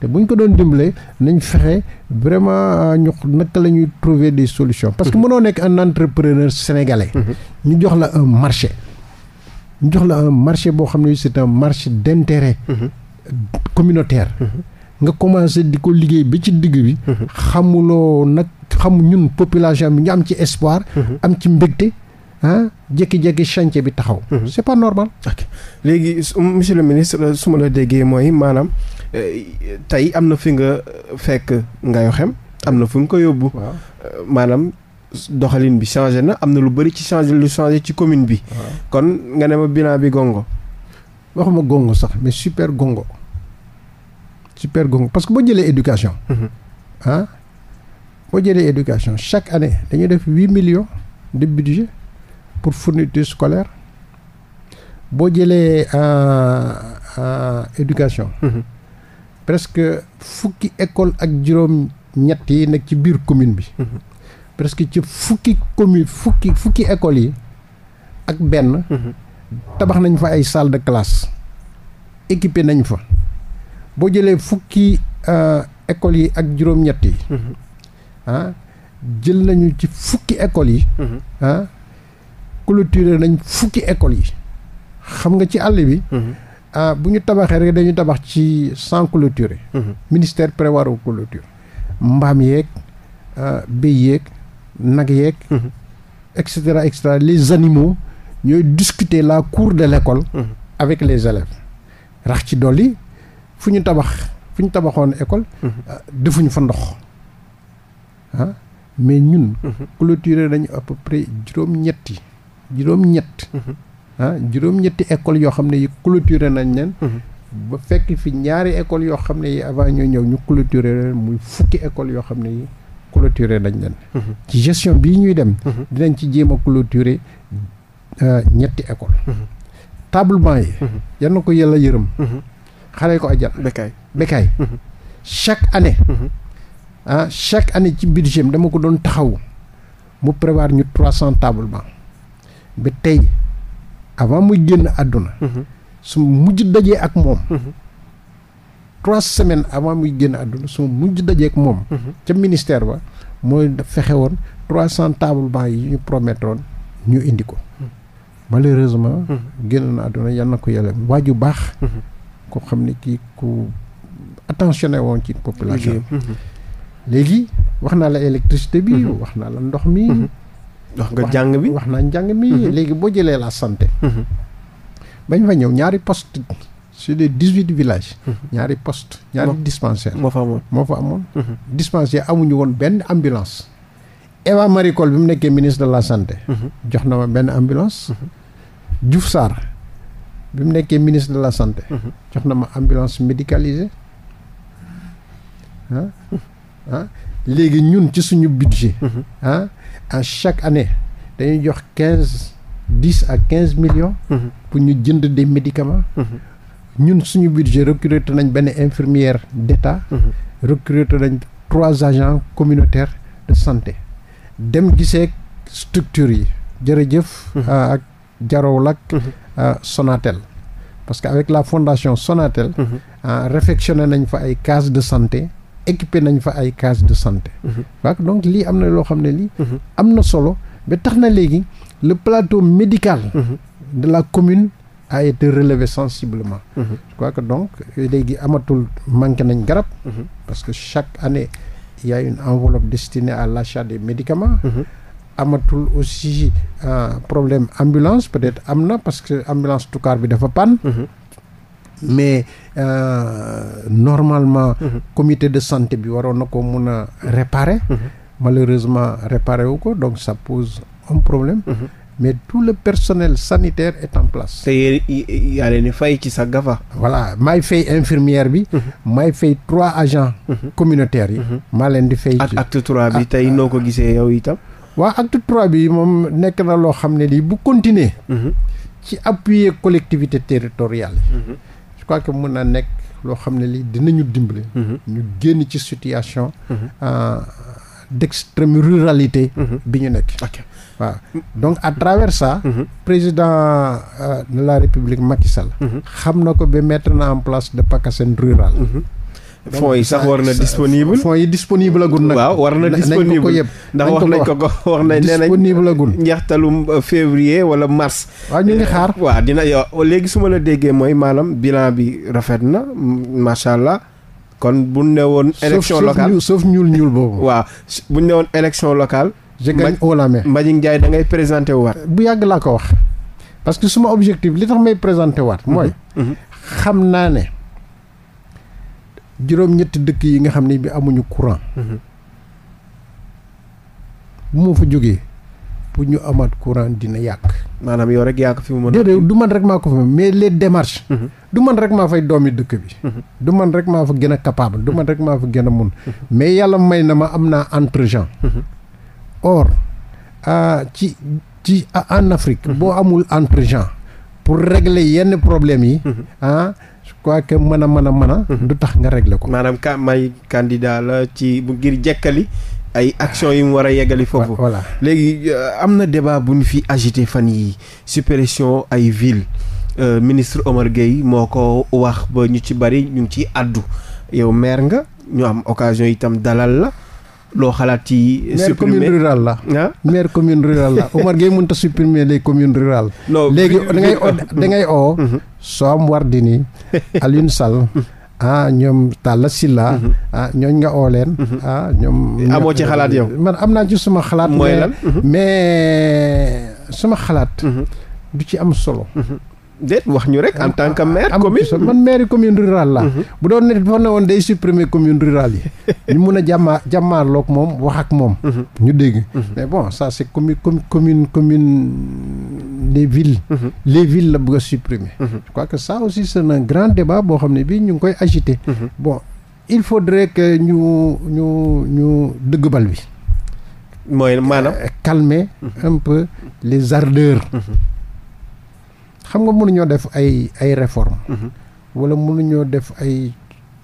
te bu ñu ko doon dimbalee nañ fexe vraiment euh, ñu naka la ñuy trouver de solution parce que mënoo nekk un entrepreneur sénégalais. ñu jox la un marché. ñu jox la un marché boo xam ne c'est un marché d'intérêt mhm. communautaire mhm. nga commencé di ko liggéey ba ci digg bi mhm. xamuloo nag xamu ñun population bi ñu am ci espoir am ci mbégte ah jékki chance bi taxaw c'est pas normal ok léegi monsieur le ministre su ma la déggee mooy maanaam euh, tey am na fi nga fekk Ngayokhem am na fu nga ko yóbbu euh, maanaam doxalin bi changé na am na lu bëri ci changé lu changé ci commune bi. kon nga ne ma bilan bi gongo. waxuma gongo sax mais super gongo super gongo parce que boo jëlee éducation. Mhm. ah boo jëlee éducation chaque année dañuy def huit millions de budget pour jëlee éducation. Mhm. presque fukki école ak juróom ñett yi nekk ci biir commune bi. Mhm. presque ci fukki commune fukki fukki écoles yi ak benn. Mhm. tabax nañ fa ay salle de classe. équipé nañ fa. boo jëlee fukki euh, écoles yi ak juróom-ñett yi. Mhm. Ah, jël nañu ci fukki écoles yi. Mhm. ah nañ fukki écoles yi. xam nga ci àll bi. ah bu ñu tabaxee rek dañu tabax ci sans clôturer. ministère prévoir au mbaam yeeg euh, béy yeeg. nag yeeg. Mhm. et cetera et cetera les animaux ñooy discuter la cour de l'école mhm. avec les élèves rax ci dolli fu ñu tabax fu ñu tabaxoon école. Mhm. Euh, defuñu fa ndox ah mais ñun. clôturer nañu à près juróom-ñetti juróom ah, ñetti ecole yoo xam ne yi clôturer nañ leen. ba fekk fi ñaari école yoo xam ne yi avant ñoo ñëw ñu clôturer leen muy fukki école yoo xam ne yi. clôturer nañ leen. Mhm. ci gestion bii ñuy dem. Mhm. dinañ ci jéema a clôturer euh, ñetti école. Mhm. tablement yi. yal na ko yàlla yërëm. xaree ko ajjana. bekkaay bekkaay. chaque année. Ah, chaque année ci budget dama ko doon taxaw mu prévoir ñu trois cent tablement ba tey avant muy génn àdduna. su mujj dajee ak moom. trois semaines avant muy génn àdduna su mujj dajeek moom. Mhm. ca ministère ba mooy fexe woon trois cent table banc yi ñu promettoon ñu indi ko. Mhm. malheureusement. Mhm. génn na adduna yal na ko yàlla waa ju baax. ko xam ne kii ku attentionné woon ci population léegi wax naa la électricité bi. wax naa la ndox mi. wax nga jàng bi wax naa njàng mi. léegi boo jëlee la santé. bañ fa ñëw ñaari poste sur les dix huit villages. Mhm. ñaari post ñaari dispensaire moo fa amoon moo fa amoon. Mhm. dispensaire amuñu woon benn ambulance. Eva Marie Coll bi mu nekkee ministre de la santé. Mhm. jox na ma benn ambulance. Diouf Sarr bi mu nekkee ministre de la santé. jox na ma ambulance médicalisée ah ah léegi ñun ci suñu budget. ah chaque année dañuy jox quinze dix à quinze millions. pour ñu jënd des médicaments. ñun suñu budget recruter nañ benn infirmière d'État. Mhm. recruter nañ trois agents communautaires de santé dem gisee structure yi jërëjëf. Mhm. Ah, ak Jarawlak. Mhm. Ah, Sonatel. parce que avec la fondation Sonatel. Ah, réfectionné nañ fa ay cases de santé. équipé nañu fa ay cases de santé. waaw donc lii am na loo xam ne lii. am na solo ba tax na léegi le plateau médical. de la commune. a été relevé sensiblement. Mm -hmm. je que donc léegi amatul manqué nañ garab. Mhm. parce que chaque année il y a une enveloppe destinée à l'achat des médicament mhm. amatul aussi euh, problème ambulance peut-être am na parce que ambulance tukaar bi dafa panne. Mhm. mais euh, normalement. Mm de santé bi waroon na ko mun a réparer. malheureusement réparer wu ko donc ça pose un problème. mais tout le personnel sanitaire et en place. te yaa leen di fay ci sa gafa. voilà maay fay infirmière bi. Mhm. maay fay trois agents. Mhm. communautaire yi. Mhm. maa leen di fay. ak acte trois bi ah, tey noo ko gisee yow itam. waa acte trois bi moom nekk na loo xam ne lii bu continuer. ci appuyer collectivité territoriale yi. je crois que mun naa nekk loo xam ne lii dinañu dimbali. ñu génn ci situation. Euh, d'extrême ruralité. bi ñu nekk. waaw donc à travers ça. Mhm. président euh, la république Macky Sall. Mhm. xam na ko ba mettre na en place de PACASEN rural. Mhm. fonds yi sax war na disponible fonds yi disponible agul nag. waaw war na disponible nañ ko ko yëpp ndax wax nañ ko ko wax nañ nee nañ disponible agul euh, wala mars. waaw ñu ngi xaar. waaw dina yow léegi su ma la déggee mooy maanaam bilan bi rafet na macha allah. kon bu ñu ne woon. élection locale ñuul ñuul boobu. waaw bu ñu ne locale. je gagne haut la main Mbagnick Ndiaye da ngay présenté waat. bu yàgg laa ko wax parce que suma objectif li tax may présenté waat. mooy mhm. Mhm. xam naa ne juróom-ñetti dëkk yi nga xam ni bi amuñu courant. Mhm. bu ma fa jógee pour ñu amaat courant dina yàq. maanaam yow rek yaa ko fi mu mën déedéet du man rek maa ko fi mais les démarches. du man rek maa fay doomi dëkk bi. du man rek maa fa gën a capable du man rek maa fa gën a mun. mais yàlla may na ma am naa entre or ah, ci ci ah, en Afrique. Mhm. boo amul entre gens pour régler yenn problème yi. Mhm. ah je crois que mën a mën a mën a. Mhm. du tax nga régler ko. maanaam ka may candidat la ci bu ngir jekkali. ay action yi mu war a yeggali ah, foofu voilà léegi euh, am na débat bu ñu fi agité fan yi suppression ay ville euh, ministre Omar Gueye moo ko wax ba ñu ci bari ñu ngi ciy àddu yow maire nga ñu am occasion itam dalal la loo xalaat ci. supprimer maire commune la. ah maire commune rurale la Omar Gueye mënut a supprimer les communes rurales. non léegi da ngay oo da ngay oo. Soham Wardini Aliou Sall. Mhm. Ah, ñoom Talla Sylla mhm. ah ñooñ nga oo leen. Mhm. ah ñoom. amoo ci xalaat yow. man am naa ci suma xalaat. mooy lan mais suma xalaat. du ci am solo. déet wax ñu rek en tant que ah, ah, maire ah, commune. man maire commune rurale la mhm. bu doon ne dafa ne woon day supprimer commune rurale yi. ñu mun a jàmmaa jàmmaarloog moom wax ak moom. Mhm. ñu dégg. Mhm. mais bon ça c' est commune commune commune les les villes la bëgg a supprimer. que ça aussi c' est grand débat boo xam ne bii ñu ngi koy agité. bon il faudrait que ñu ñu ñu dëgg bal bi. mooy maanaam euh, calmer un peu les ardeurs. xam nga mënuñoo def ay ay réformes. Mhm. wala mënuñoo def ay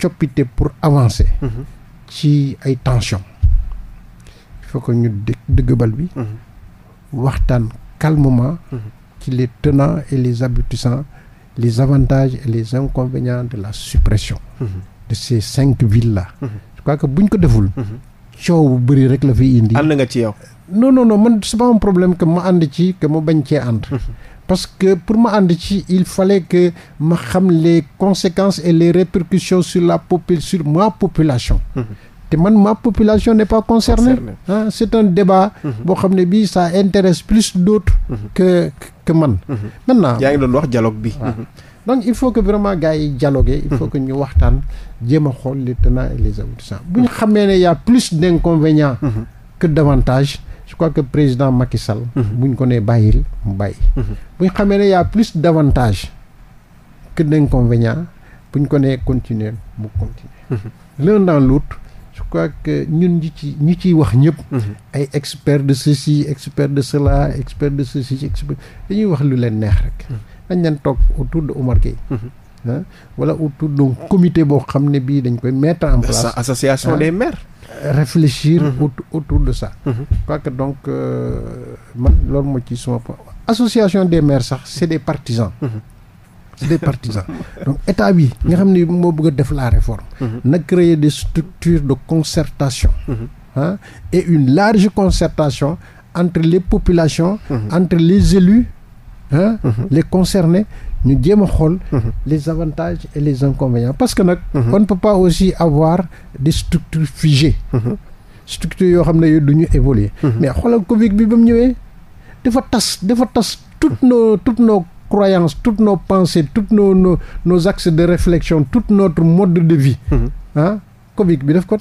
coppite pour avancer. Mhm. ci ay tension il faut que ñu dë dëgg bal bi. Mhm. waxtaan calmement. ci les tenants et les aboutissants les avantages et les inconvénients de la suppression. de ces cinq villes la je crois que buñ ko deful. coow bu bëri rek la fiy indi. ànd nga ci yow. non non man c'est pas problème que ma ànd ci que ma bañ cee ànd. parce que pour ma ànd ci il fallait que ma xam les conséquences et les répercussions sur la popul sur ma population mm-hmm. te man ma population n'est pas concernée ah c'est un débat mm-hmm. boo xam ne bii sa intéresse plus d'autres mm-hmm. que que man naa yaa ngi doon wax dialogue bi donc il faut que vraiment gars yi dialoguer il faut que ñu waxtaan jéem a xool les tenants et les aboutissants bu ñu xamee ne y a plus d'inconvénients que d'avantages je que président Macky Sall. Mhm. buñ ko nee bàyyil mu bàyyi. Mhm. buñ xamee ne y' a plus d' avantage que d' inconvénient buñ ko nee continuer mu continuer. Mhm. l'un dans l' je crois que ñun ñi ci ñi ciy wax ñëpp. ay experts de ceci experts de cela experts de ceci expert dañuy wax lu leen neex rek. dañ leen toog autour de Omar Gueye. ah wala autour d'un comité boo xam ne bii dañ koy mettre en place. association des maires. réfléchir. Mhm. autour de ça. je mhm. que donc euh, man loolu moo ci suma association des maires sax c'est des partisans. Mhm. c'est des partisans donc état bi. nga xam ne moo bëgg a def la réforme. na créer des structures de concertation. ah et une large concertation entre les populations. entre les élus. ah les concernés. ñu jéem a xool mhm. les avantages et les inconvénients parce que nag mhm. on ne peut pas aussi avoir des structures figées mhm. structures yoo xam ne yooyu du ñu évoluer mais ak Covid bi ba mu ñëwee dafa tas dafa tas toutes nos toutes no croyances toutes no pensées toutes nos nos nos axes de reflection tout notre mode de vie ah Covid bi daf ko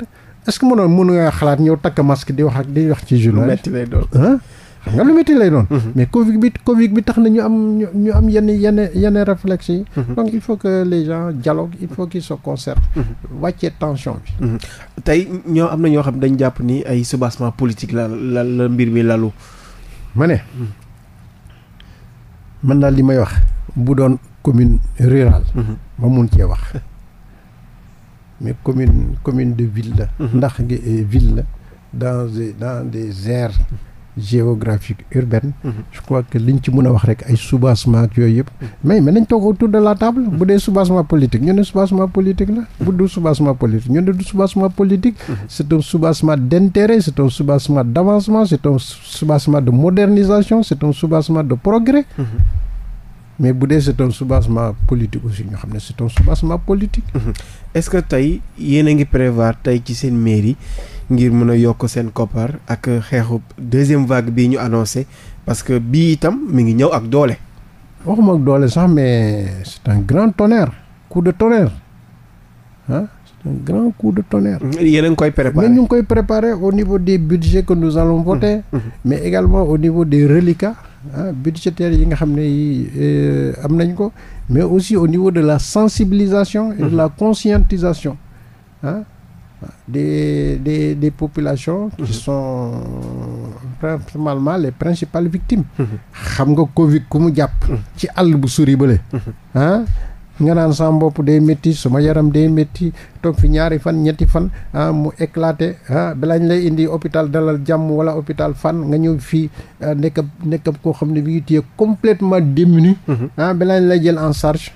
est-ce que mënoon mën nga xalaat ñëw takk masque di wax ak di wax ci journal metti lay doon xam nga lu métti lay doon. Mhm. mais Covid bi Covid bi tax na ñu am ñu am yenn yenn yenn réflexe yi. Mhm. donc il faut que les gens jaloo il faut qu'ils se concertent. Mhm. wàccee tension bi. tey ñoo am na ñoo xam dañ jàpp ni ay soubassement politique la la mbir mi lalu. ma ne man daal li may wax bu doon commune rurale. ma mun cee wax. mais commune commune de ville ndax eh, ville la dans des dans des aires. géographique urbaine. Mhm. je crois que liñ ci mën a wax rek ay soubassement ak yooyu yëpp. Mhm. mais mais nañ toog autour de la table. Mhm. bu dee soubassement politique ñu ne soubassement politique la. bu du soubassement politique ñu ne du suba politique. c' est un soubassement d' intérêt c' est un soubassement d' avancement c' est un soubassement de modernisation c' est un soubassement de progrès. mais bu dee c'est un soubassement politique aussi ñu xam ne c'est un soubassement politique. Mhm. est-ce que tey yéen a ngi prévoir tey ci seen mairie ngir mën a yokk seen koppar ak xeexu deuxième vague bii ñu annoncé parce que bii itam mi ngi ñëw ak doole. waxum ak doole sax mais c'est un grand tonnerre coup de tonnerre un grand coup de tonnerre. Mm-hmm. yéen a ngi koy préparer mais ñu ngi koy préparer au niveau des budgets que nous allons voter. Mm-hmm. Mm-hmm. mais également au niveau des reliquats ah budgétaires yi nga xam ne euh, am nañ ko. mais aussi au niveau de la sensibilisation. et de la conscientisation ah. des des des populations. qui sont principalement les principales victimes. xam nga Covid ku mu jàpp. ci àll bu sori bële. ah. nga naan sama bopp day métti suma yaram day métti toog fi ñaari fan ñetti fan ah mu éclaté ah balaañ lay indi hôpital dalal jàmm wala hôpital fan nga ñëw fii ah, nekk ab nekk ab koo xam ne bi ngi téye complètement démuni mm-hmm. ah lay jël en charge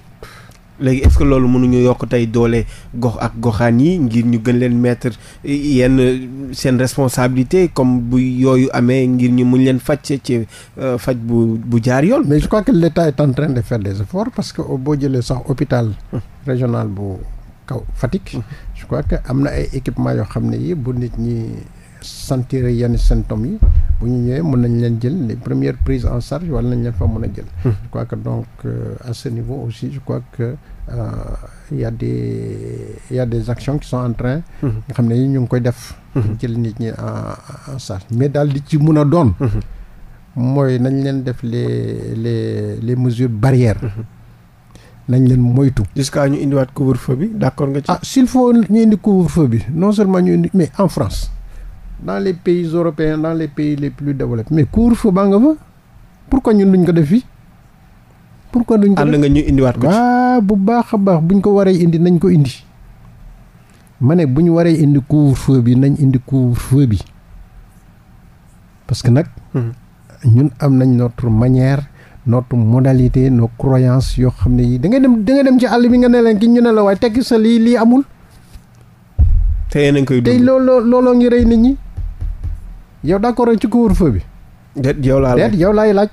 léegi est-ce que loolu mënuñu yokk tey doole gox ak goxaan yi ngir ñu gën leen mettre yenn seen responsabilité comme bu yooyu amee ngir ñu mun leen faj ci euh, faj bu bu jaar yoon. mais je crois que l'État est en de faire des efforts parce que boo jëlee sax hôpital. régional bu kaw Fatick. je crois que am na ay équipement yoo xam ne yi bu nit ñi sentir yenn symptômes yi. bu ñu ñëwee mën nañ leen jël les premières prises en charge wala nañ leen fa mën a jël. Hmm. je crois que donc euh, à ce niveau aussi je crois que il euh, y a des il y a actions qui sont en train. Hmm. nga xam ne ñu ngi koy def. Hmm. jël nit ñi en en charge mais daal di ci mun a doon. mooy nañ leen def les les les mesures barrières. nañ leen moytu. jusqu'à ñu indiwaat couvre-feu bi d'accord nga ci. ah s'il faut ñu indi couvre-feu bi non seulement ñu indi mais en France. dans les pays européens dans les pays les plus développés mais couvre-feu baa nga fa pourquoi ñun duñ ko def fii pourquoi duñ ko def am na nga ñu indiwaat ko waaw bu baax a baax buñ ko waree indi nañ ko indi ma ne bu ñu waree indi couvre-feu bi nañ indi couvre-feu bi parce que nag hmm. ñun am nañ notre manière notre modalité nos croyances yoo xam ne yi da ngay dem da ngay dem ci àll bi nga ne ki ñu ne la waaye tekki sa lii lii amul. tey nañ koy dund tey looloo looloo ngi nit ñi. yow d'accord ci couvre-feu bi. déet yow laa laaj yow laay laaj.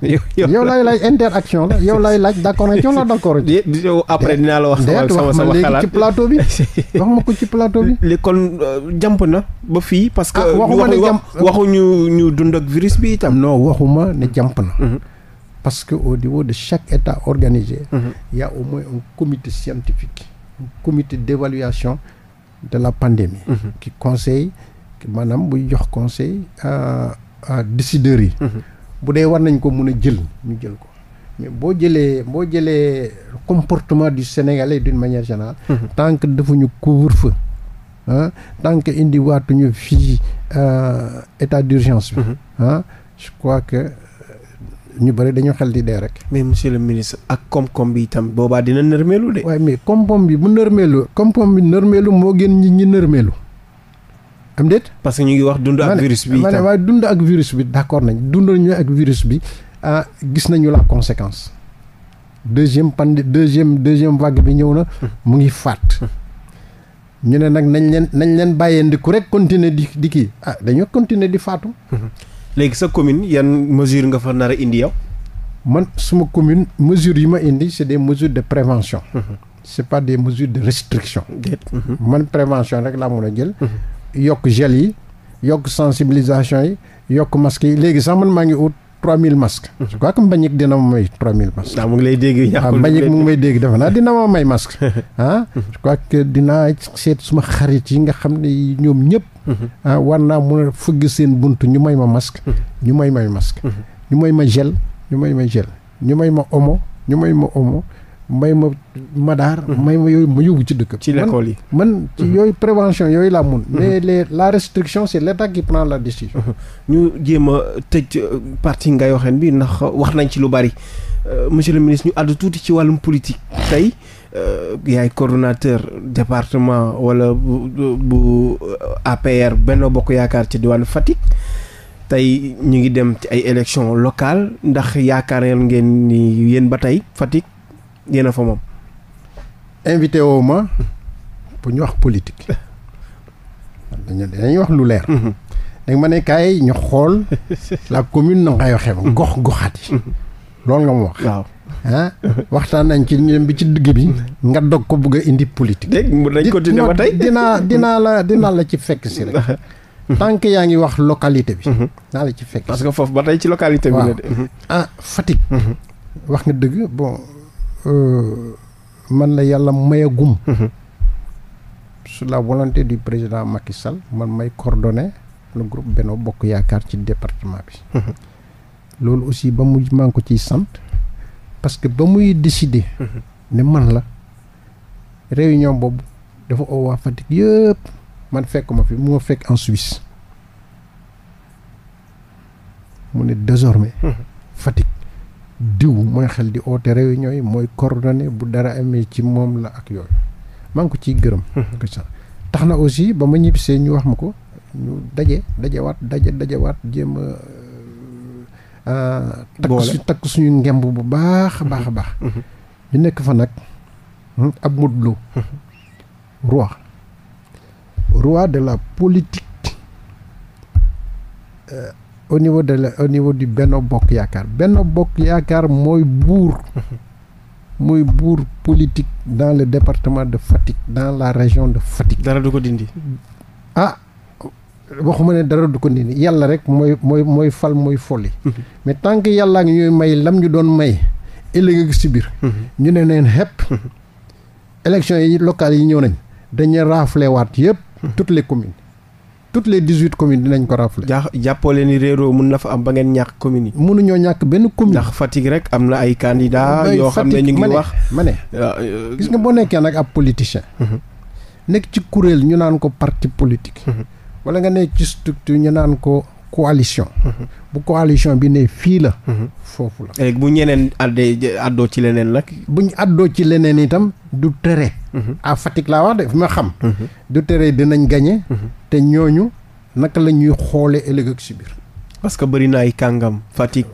laay laaj interaction la yow laay laaj d'accord nañ yow laa d'accord. yow après la wax. sama sama sama xalaat ci plateau bi wax ma ko ci plateau bi. li kon euh, jàmp na ba fii parce que. Ah, waxuma ne jàmp waxuñu ñu dund ak virus bi itam. non waxuma ne jàmp na. Mm-hmm. parce que au niveau de chaque état organisé. Mm-hmm. il a au moins un comité scientifique. un comité d'évaluation de la pandémie. Mm-hmm. qui conseille. maanaam buy jox conseil à à décideurs yi. Mhm. bu dee war nañ ko mun a jël ñu jël ko. mais boo jëlee boo jëlee comportement du Sénégalais d'une manière générale. Mhm. tant que defuñu couvre-feu ah tant que indi waatuñu fii euh, état d'urgence bi. ah je crois que euh, ñu bëri dañoo xel di dee rek. mais monsieur le ministre ak koom-koom bi itam boobaa dina nërmeelu de. waaye mais koom-koom bi bu nërmeelu koom-koom bi nërmeelu moo gën ñi ñi nërmeelu. am déet parce que ñu ngi wax dund ak virus bi ma dund ak virus bi d' accord nañ dund nañu ak virus bi ah gis nañu la conséquence deuxième pandémie deuxième deuxième vague bi ñëw na mu ngi faat ñu ne nag nañ leen nañ leen bàyyeendiku rek continuer di di kii ah dañoo continuer di faatu léegi sa commune yan mesure nga fa nar indi yow man suma commune mesures yi ma indi c' est des mesures de prévention mhm. c' est pas des mesures de restriction mhm. man prévention rek laa mën a jël mhm. yokk gel yi yokk sensibilisation yi yokk masques yi léegi sax man maa ngi ut 3000 masques. Mhm. je crois que Mbagnick dina ma may 3000 masques. waaw mu ngi lay dégg ñàkkul ah, Mbagnick mu may dégg defe naa dina ma may masque ah je crois dinaa seet suma xarit yi nga xam ne ñoom ñëpp. Mhm. ah war naa mun a fëgg seen bunt ñu may ma masque. ñu may may masque. ñu may ma mhm. ñu may ma gel ñu may ma omo ñu may ma omo. may ma ma madaar mhm. may ma yooyu ma yóbbu ci dëkk ci l'école yi man ci mhm. yooyu prévention yooyu laa mun mhm. mais les la restriction c'est l'état qui prend la décision ñu jéem a tëj euh, parti ngay waxeen bi ndax wax nañ ci lu bari euh, monsieur le ministre ñu àddu tuuti ci wàllum politique tey euh, yaay coordonnateur département wala bu bu APR benn Bokk Yaakaar ci diwaanu Fatick tey ñu ngi dem ci ay élections locale ndax yaakaar ngeen ni yéen ba tey Fatick yéen a fa moom. invité woo ma pour ñu wax politique dañuy wax lu leer. da mhm. ma nekkaay kaay ñu xool la commune na ngay waxee ba mhm. gox goxaat yi. Mhm. loolu nga mu wax. waaw ah, waxtaan nañ ci ñu bi ci digg bi. nga dog ko bëgg indi politique. dégg nga dañ continuer ba tey dinaa dinaa la dinaa la ci fekk si rek. tant yaa ngi wax localité bi. naa la ci fekk parce que foofu ba tey ci localité bi. la de ah Fatick. wax nga dëgg Euh, man la yàlla mayagum. Mm-hmm. sur la volonté du président Macky Sall man may coordonner le groupe Benno Bokk Yaakaar ci département bi. Mm-hmm. loolu aussi ba mu maa ngi ko ciy sant parce que ba muy décider. Mm-hmm. ne man la réunion boobu dafa oo waa Fatick yëpp man fekkuma fi mu ma fekk en Suisse mu ne désormais Fatick. diw mooy xel di oote réunion yi mooy coordonné bu dara amee ci moom la ak yooyu maa ngi ko ciy gërëm. Hmm. tax na aussi ba ma ñibbisee ñu wax ma ko ñu daje dajewaat daje dajewaat jéem a. Euh, takk takk suñu ngemb bu baax a baax a baax. Hmm. Hmm. ñu nekk fa nag ab Modou roi roi de la politique. Euh, au niveau de la au niveau du Benno Bokk Yaakaar Benno Bokk Yaakaar mooy buur mooy buur politique dans le département de Fatick dans la région de Fatick. dara du ko dindi. ah waxuma ne dara du ko dindi yàlla rek mooy mooy mooy fal mooy folli. mais tant que yàllaa ngi ñuy may lam ñu doon may. ëllëg si biir. ñu ne neen xepp. élections yi locales yi ñëw nañ dañuy raaflewaat yëpp. toutes les communes. toutes les dix huit communes dinañ ko rafle jaa jàppale ni réeroo mun na fa am ba ngeen ñàkk commune yi mënuñoo ñàkk benn commune ndax Fatick rek am na ay candidats yoo xam ne ñu ngi wax ma ne ah, euh, gis nga boo nekkee nag ab politicien mhm. nekk ci kuréel ñu naan ko parti politique mhm. wala nga nekk ci structure ñu naan ko coalition mhm. bu coalition bi ne fii la foofu la bu ñeneen addee addoo ci leneen nag buñ addoo ci leneen itam du tere. Mhm. à Fatick laa wax de ma xam. Mhm. du tere dinañ gañe mhm. te ñooñu naka la ñuy xoolee ëllëg ak si biir. parce que bëri na ay kàngam Fatick.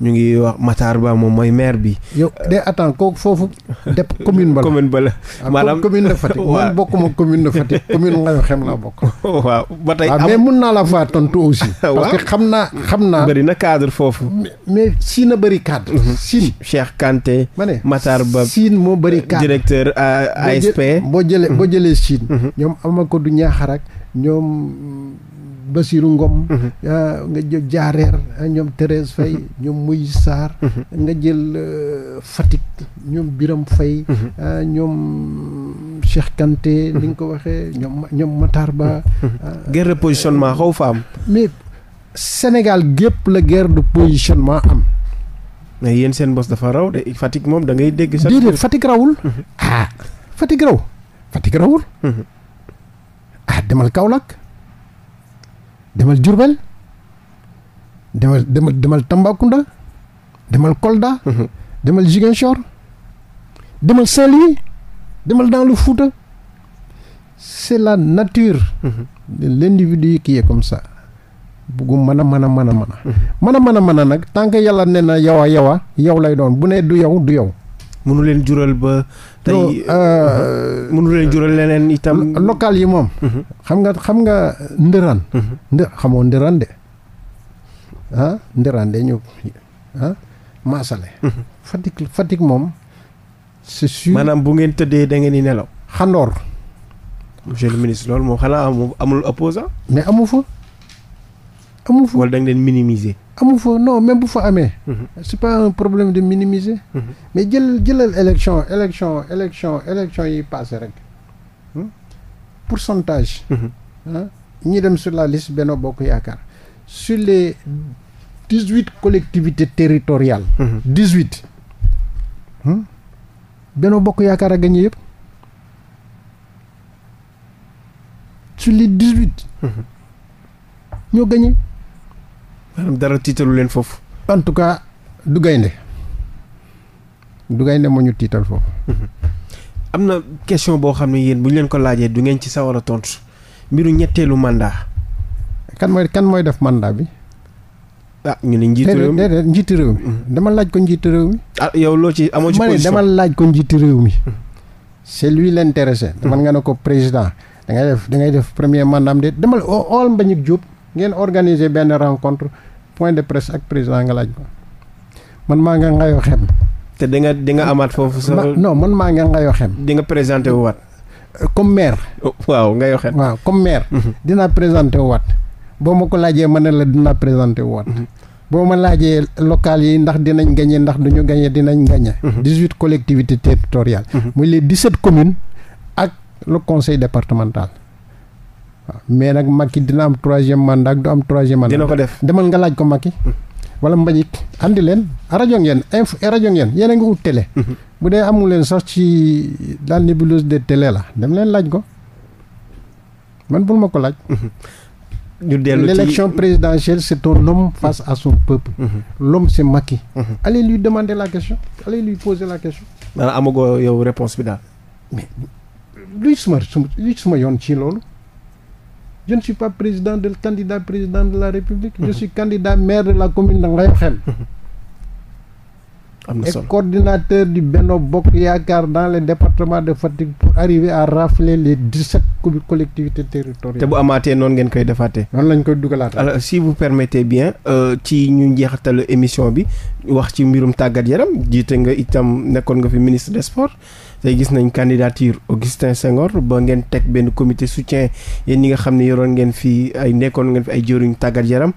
ñu ngi wax Matar Ba moom mooy maire bi. yow de attends kooku foofu. dep commune ba la commune ah, commune de Fatick man bokkuma commune de Fatick commune Ngayo Xem laa bokk. waaw ba tey ah, mais mun naa la faa tontu aussi. parce que xam naa xam naa. bëri na cadre foofu. mais Sine a bëri cadre. Mhm. Sine Cheikh Kanté. ma ne Matar Ba Sine moo bëri cadre directeur ASP. boo jëlee boo mhm. jëlee Sine. Mhm. ñoom ama Amakodou Niakhar ak ñoom. Basirou Ngom. Mhm. Ah, nga jël Jaareer ah, ñoom Thérèse mhm. Faye ñoom Moïse Sarr. Mhm. nga jël euh, Fatick ñoom Biram Faye ah, ñoom Cheikh Kanté. nga ko waxee ñoom ñoom Matar Ba. guerre de positionnement euh, xaw fa am. mais Sénégal gépp la guerre de positionnement am. mais yéen seen bos dafa raw de Fatick moom da ngay dégg. sax déedéet Fatick rawul. ah Fatick raw Fatick rawul. ah demal Kaolack. demal Diourbel demal demal demal Tambacounda demal Kolda. Mhm. demal Ziguinchor demal Saint-Louis demal daalu le Fouta c'est la nature. Mhm. de l'individu qui est comme ça. buggu mën a mën a mën a mën a mën mhm. a mën a mën a nag tant que yàlla ne na yow a yow a yow lay doon bu ne du yow du yow mënu leen jural ba. tey euh, euh, mënu leen jural leneen itam. local yi moom. Mhm. xam nga xam nga ndëraan. Mhm. ndë xamoo ndëraan de ah ndëraan de ñu ah, maasale. Mhm. Fatick Fatick moom. c'est maanaam bu ngeen tëddee da ngeen di nelaw. xandoor. monsieur le ministre loolu moom xanaa amul amul opposant mais amu fa. amul fa wala da nga leen minimiser. amu fa non bu fa amee. Mhm. c'est pas un problème de minimiser. Mhm. mais jël jëlal élection élection élection élection yi passé rek hmm? pourcentage. Mhm. ñi dem sur la liste Benno Bokk Yaakaar sur les dix huit collectivités territoriales. dix huit. Hmm? Benno Bokk Yaakaar a gagné yëpp. sur les dix huit. ñoo gagné. maanaam dara tiitalu leen foofu. en tout cas du gaynde du gaynde moo ñu tiital foofu. am na question boo xam ne yéen bu ñu leen ko laajee du ngeen ci sawar a tontu mbiru ñetteelu mandat. kan mooy kan mooy def mandat bi. ah ñu ne njiitu réew mi mm-hmm. dama laaj ko njiitu réew mi. ah yow loo ci amoo ci laaj ko njiitu réew mi. Mm-hmm. c'est lui l'intéressé. Mm-hmm. man nga ne ko président da ngay def da ngay def premier mandat am de demal Oil Mbagnick Diop. ngeen organiser benn rencontre point de presse ak président nga laaj ko man maa nga ngayoo xem te di nga di nga amaat foofu sa. non man maa nga ngayoo xem di nga présenté wu euh, comme maire. waaw ngayoo xem waaw comme maire. Mhm. dinaa présenté wu boo ma ko laajee mën ne la dinaa présenté wu mhm. boo ma laajee local yi ndax dinañ gagné ndax duñu gagné dinañ gagné. Mhm. dix huit collectivité territoriales. muy les dix sept commune ak le conseil départemental. mais nag Macky dina am troisième mandat du am troisième mandat. dina ko def demal nga laaj ko Macky. wala mbañik andi leen rajo ngeen info eh, rajo ngeen yéen a ngi ut bu dee amul leen sax ci la nébuleuse de télé la dem leen laaj ko man bul ma ko laaj. ñu dellu ci l'élection présidentielle c'est un à son peuple. l'homme c'est Macky. allez la question allez lui poser la question. maanaam amagoo yow réponse bi daal. mais luy suma luy suma yoon ci loolu. je ne suis pas président de candidat président de la république je suis candidat maire de la commune de Ngayokhem et coordinateur di Benno Bokk Yaakaar dans les départements de Fatick pour arriver à rafler les dix-sept collectivités territoriales. te bu amaatee noonu ngeen koy defaatee. noonu lañu koy dugalaatee. alors si vous permettez bien euh, ci ñu njeexitalu émission bi wax ci mbirum tàggat yaram jiite nga itam nekkoon nga fi ministre des sports. tey gis nañ candidature Augustin Senghor ba ngeen teg benn comité soutien yéen ñi nga xam ne yoroon ngeen fi ay nekkoon ngeen fi ay jëriñ tàggat yaram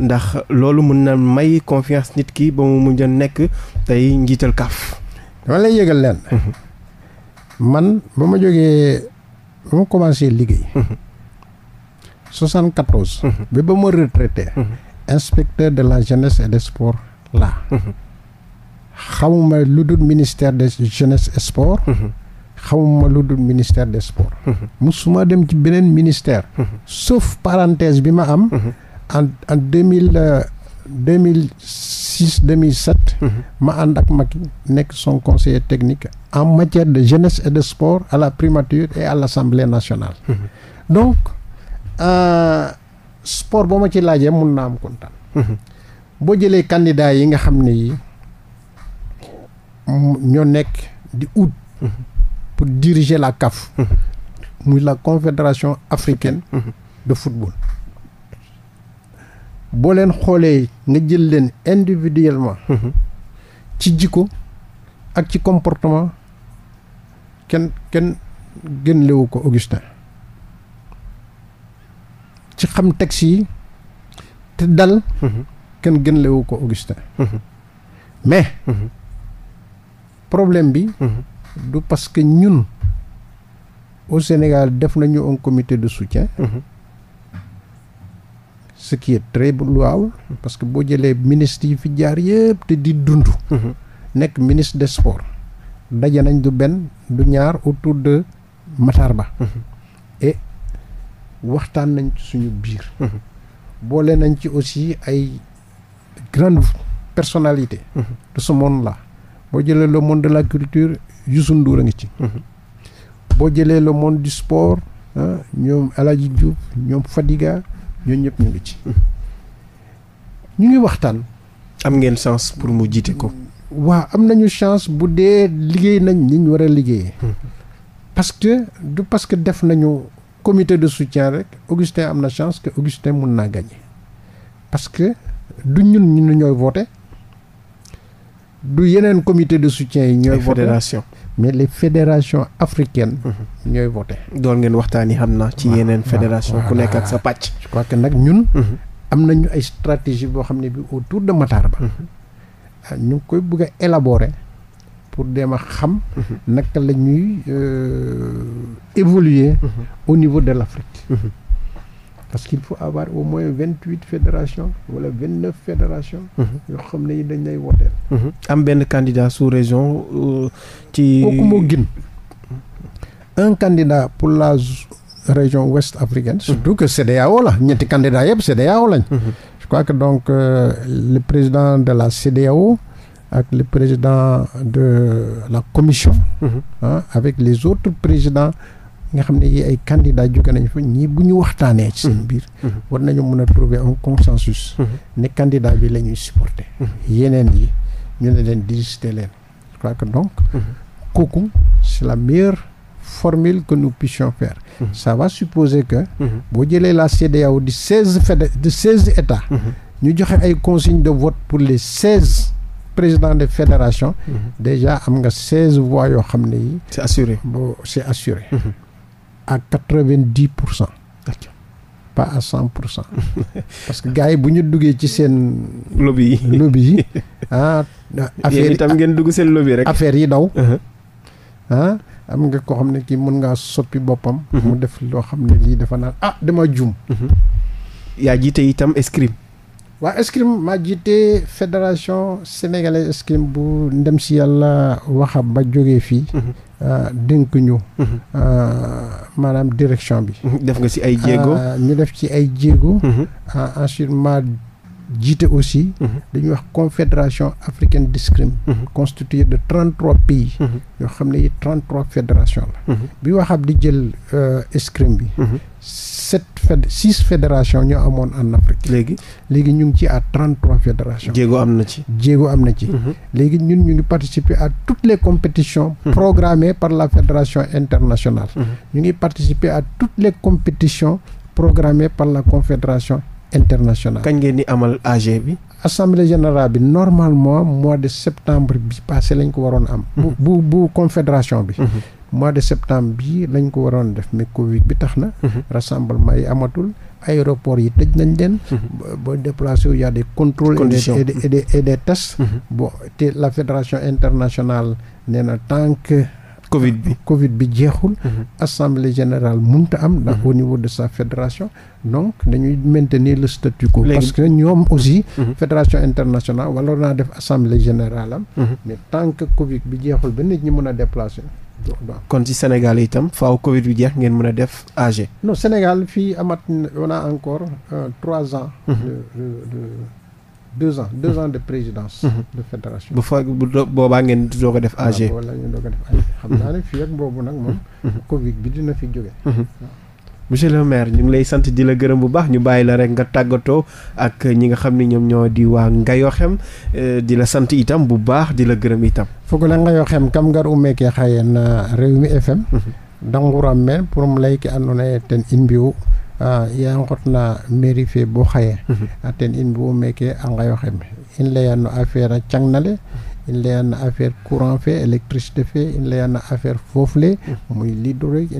ndax loolu mën na may confiance nit ki ba mu mujj nekk tey njiital kaaf. dama lay yëgal leen. Mm-hmm. man ba ma jógee ba ma commencé liggéey. 74. Mm-hmm. Mm-hmm. ba ba ma retraité. inspecteur de la jeunesse et des sports la xamuma lu dul ministère des jeunesse et sport. Mhm. xamuma lu dul ministère des mhm. su ma dem ci beneen ministère. Mhm. sauf parenthèse bi ma am. en en mille euh, deux mille six deux mille sept. ma ànd ak Macky nekk son conseiller technique. en matière de jeunesse et de sport à la primature et à l'Assemblée nationale. donc euh, sport boo ma ci laajee mun naa am kontaan. boo jëlee candidat yi nga xam ne yi ñoo nekk di ut pour diriger la CAF muy la confédération africaine de football boo leen xoolee nga jël leen individuellement ci jikko ak ci comportement kenn kenn gën ko Augustin ci xam taxi te dal mhm. kenn gën ko Augustin mhm. mais mhm. problème bi. Mhm. du parce que ñun au Sénégal def nañu un commité de soutien. Mhm. ce qui est très louable parce que boo jëlee ministre yi fi jaar yëpp te di dund. Mhm. nekk ministre des sports daje nañ du benn du ñaar autour de Matar Ba. et waxtaan nañ ci suñu biir. boole nañ ci aussi ay grandes personnalités. de ce monde là. boo jëlee le monde de la culture Youssou Ndour a ngi ci. Mhm. boo jëlee le monde du sport ah, ñoom El Hadj Diouf ñoom Fadiga ñooñu ñëpp ngi ci. Mhm. ñu ngi waxtaan. am ngeen chance pour mu jiite ko. waa am nañu chance bu dee liggéey nañ ñi ñu war a liggéeyee. Mhm. parce que du parce que def nañu comité de soutien rek Augustin am na chance que Augustin mun naa gagner parce que du ñun ñu ñooy voter du yeneen comité de soutien yi ñooy voté fédération mais les fédération africaine mhm. ñooy voté doon ngeen waxtaani xam na ci yeneen fédération ku nekk ak sa pàcc je crois que nag ñun mhm. am nañu ay stratégie boo xam ne bi autour de Matar Ba mhm. ah, ñu ngi koy bëgg a élaborer pour dem a xam naka la ñuy euh, évoluer au niveau de l'Afrique parce qu'il faut avoir au moins vingt huit fédérations wala vingt neuf fédérations. Mhm. yoo xam ne dañ lay wooteel. Mhm. am benn candidat sous région euh, ci. kooku moo gën un candidat pour la région west africaine. Mhm. surtout que CEDEAO la ñetti candidats yëpp CEDEAO lañ. je crois que donc euh, le président de la CEDEAO ak le président de la commission. avec les autres présidents. nga xam ne yi ay candidats jóge nañ fa ñii bu ñu waxtaanee ci seen mmh. biir mmh. Mmh. war nañu mën a trouver un consensus ne candidat bi la ñuy supporter yeneen yi ñu ne leen désister leen je crois que donc kooku c'est la meilleure formule que nous puissions faire ça supposer que boo jëlee la CEDEAO di seize fédé de seize états ñu joxe ay consignes de vote pour les seize président de fédération déjà am nga seize voix yoo xam ne yi c'est c'est assuré ak quatre-vingt-dix pour cent pas à cent pour cent que gars yi bu ñu duggee ci seen lobby yi lobby yi ah ngeen dugg seen lobby rek affaire yi daw uh-huh. ah am nga koo xam ne kii mën ngaa soppi boppam uh-huh. mu def loo xam ne lii dafa naan ah dama juum uh-huh. yaa jiite itam escrime waa escrime maa jiite fédération sénégalaise escrime bu ndem si yàlla waxa ba jógee fii Euh, dénk ñu. Mhm. Euh, maanaam direction bi. def nga ci ay jéego. Euh, ñu def ci ay jéego. Mhm. jiite aussi mhm. dañuy wax confédération africain d'escrime mhm. constituée de trente trois pays mhm. yoo xam ne yi trente trois fédération la bi waxaab di jël euh, escrime bi sept féd six fédération ñoo amoon en Afrique léegi léegi ñu ngi ci à trente trois fédération jéego am na ci jéego am na ci léegi ñun ñu ngi participer à toutes les compétitions programmées par la fédération internationale ñu ngi participer à toutes les compétitions programmées par la confédération international. kañ ngeen di amal AG bi. assemblée générale bi normalement mois de septembre bi passé lañ ko waroon am. bu mhm. bu bu confédération bi. Mhm. mois de septembre bi lañ ko waroon def mais bi tax na. Mhm. rassemblement yi amatul. aéroport yi tëj nañ leen. boo déplacé wu y a des contrôles. conditions et des et des et des tests. te la fédération internationale nee na tant Covid bi Covid bi jeexul. Mhm. assemblée générale mënut am. ndax mhm. au niveau de sa fédération. donc dañuy maintenir la statu quo. parce que ñoom aussi. Mhm. fédération internationale wala naa def assemblée générale am. mais tant Covid bi jeexul ba nit ñi mën a déplacer. kon ci Sénégal itam faaw Covid bi jeex ngeen mën a def AG. non Sénégal fii amat on a encore euh, trois ans. deux ans deux ans de présidence. Mhm. bu fa boobaa ngeen doo ko def AG. wala ah, ngeen xam naa ne fii ak boobu nag moom. Mhm. Covid bi dina fi jóge. Mhm. monsieur le maire ñu ngi lay sant di la gërëm bu baax ñu bàyyi la rek nga tàggatoo ak ñi nga xam ni ñoom ñoo di waa Ngayoxem eh, di la sant itam bu baax di la gërëm itam. fogole Ngayoxem kam ngar umeke xayen Rewmi FM. danguram men pour mu lay ki andoona yee ten in mbi'u Ah, yan gotna mairie fe bo xaye mhm. aten ah, in bugo meke a ngayoxem i leyan no affaire a cangnale mhm. i leyan no affaire courant fe électricité fe i leyan no affaire foof le mhm. muy l'hydraulique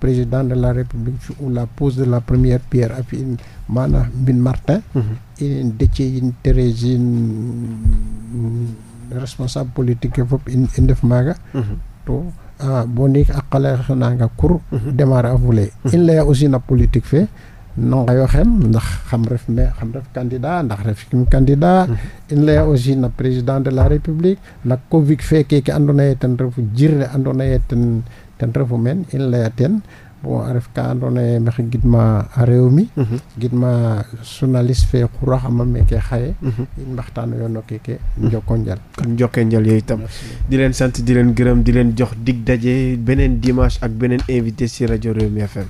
de la république la pose de la première pierre a fi'in maana mbin martin responsable politique ke in ndef maaga Ah, bo ndiik mhm. mhm. a qala xe nanga cour démarrer a fule in laya aussi na politique fe no nqayoxen ndax xam ref me xam ref candidat ndax ref kim candidat mhm. in laya aussi na président de la république na covid fe keke andoona yee ten refu jirne andoona yee ten ten refu meen in laya teen bon a ref ka andoona yee maxey gidma réew mi mhm. gidma journaliste fe xuraxama meeke xaye mhm. in mbaxtaanoyo no keeke njoko njal kon njoko njal yooyu itam di leen sant di leen gërëm di leen jox dig daje beneen dimanche ak beneen invité si rajo Rewmi FM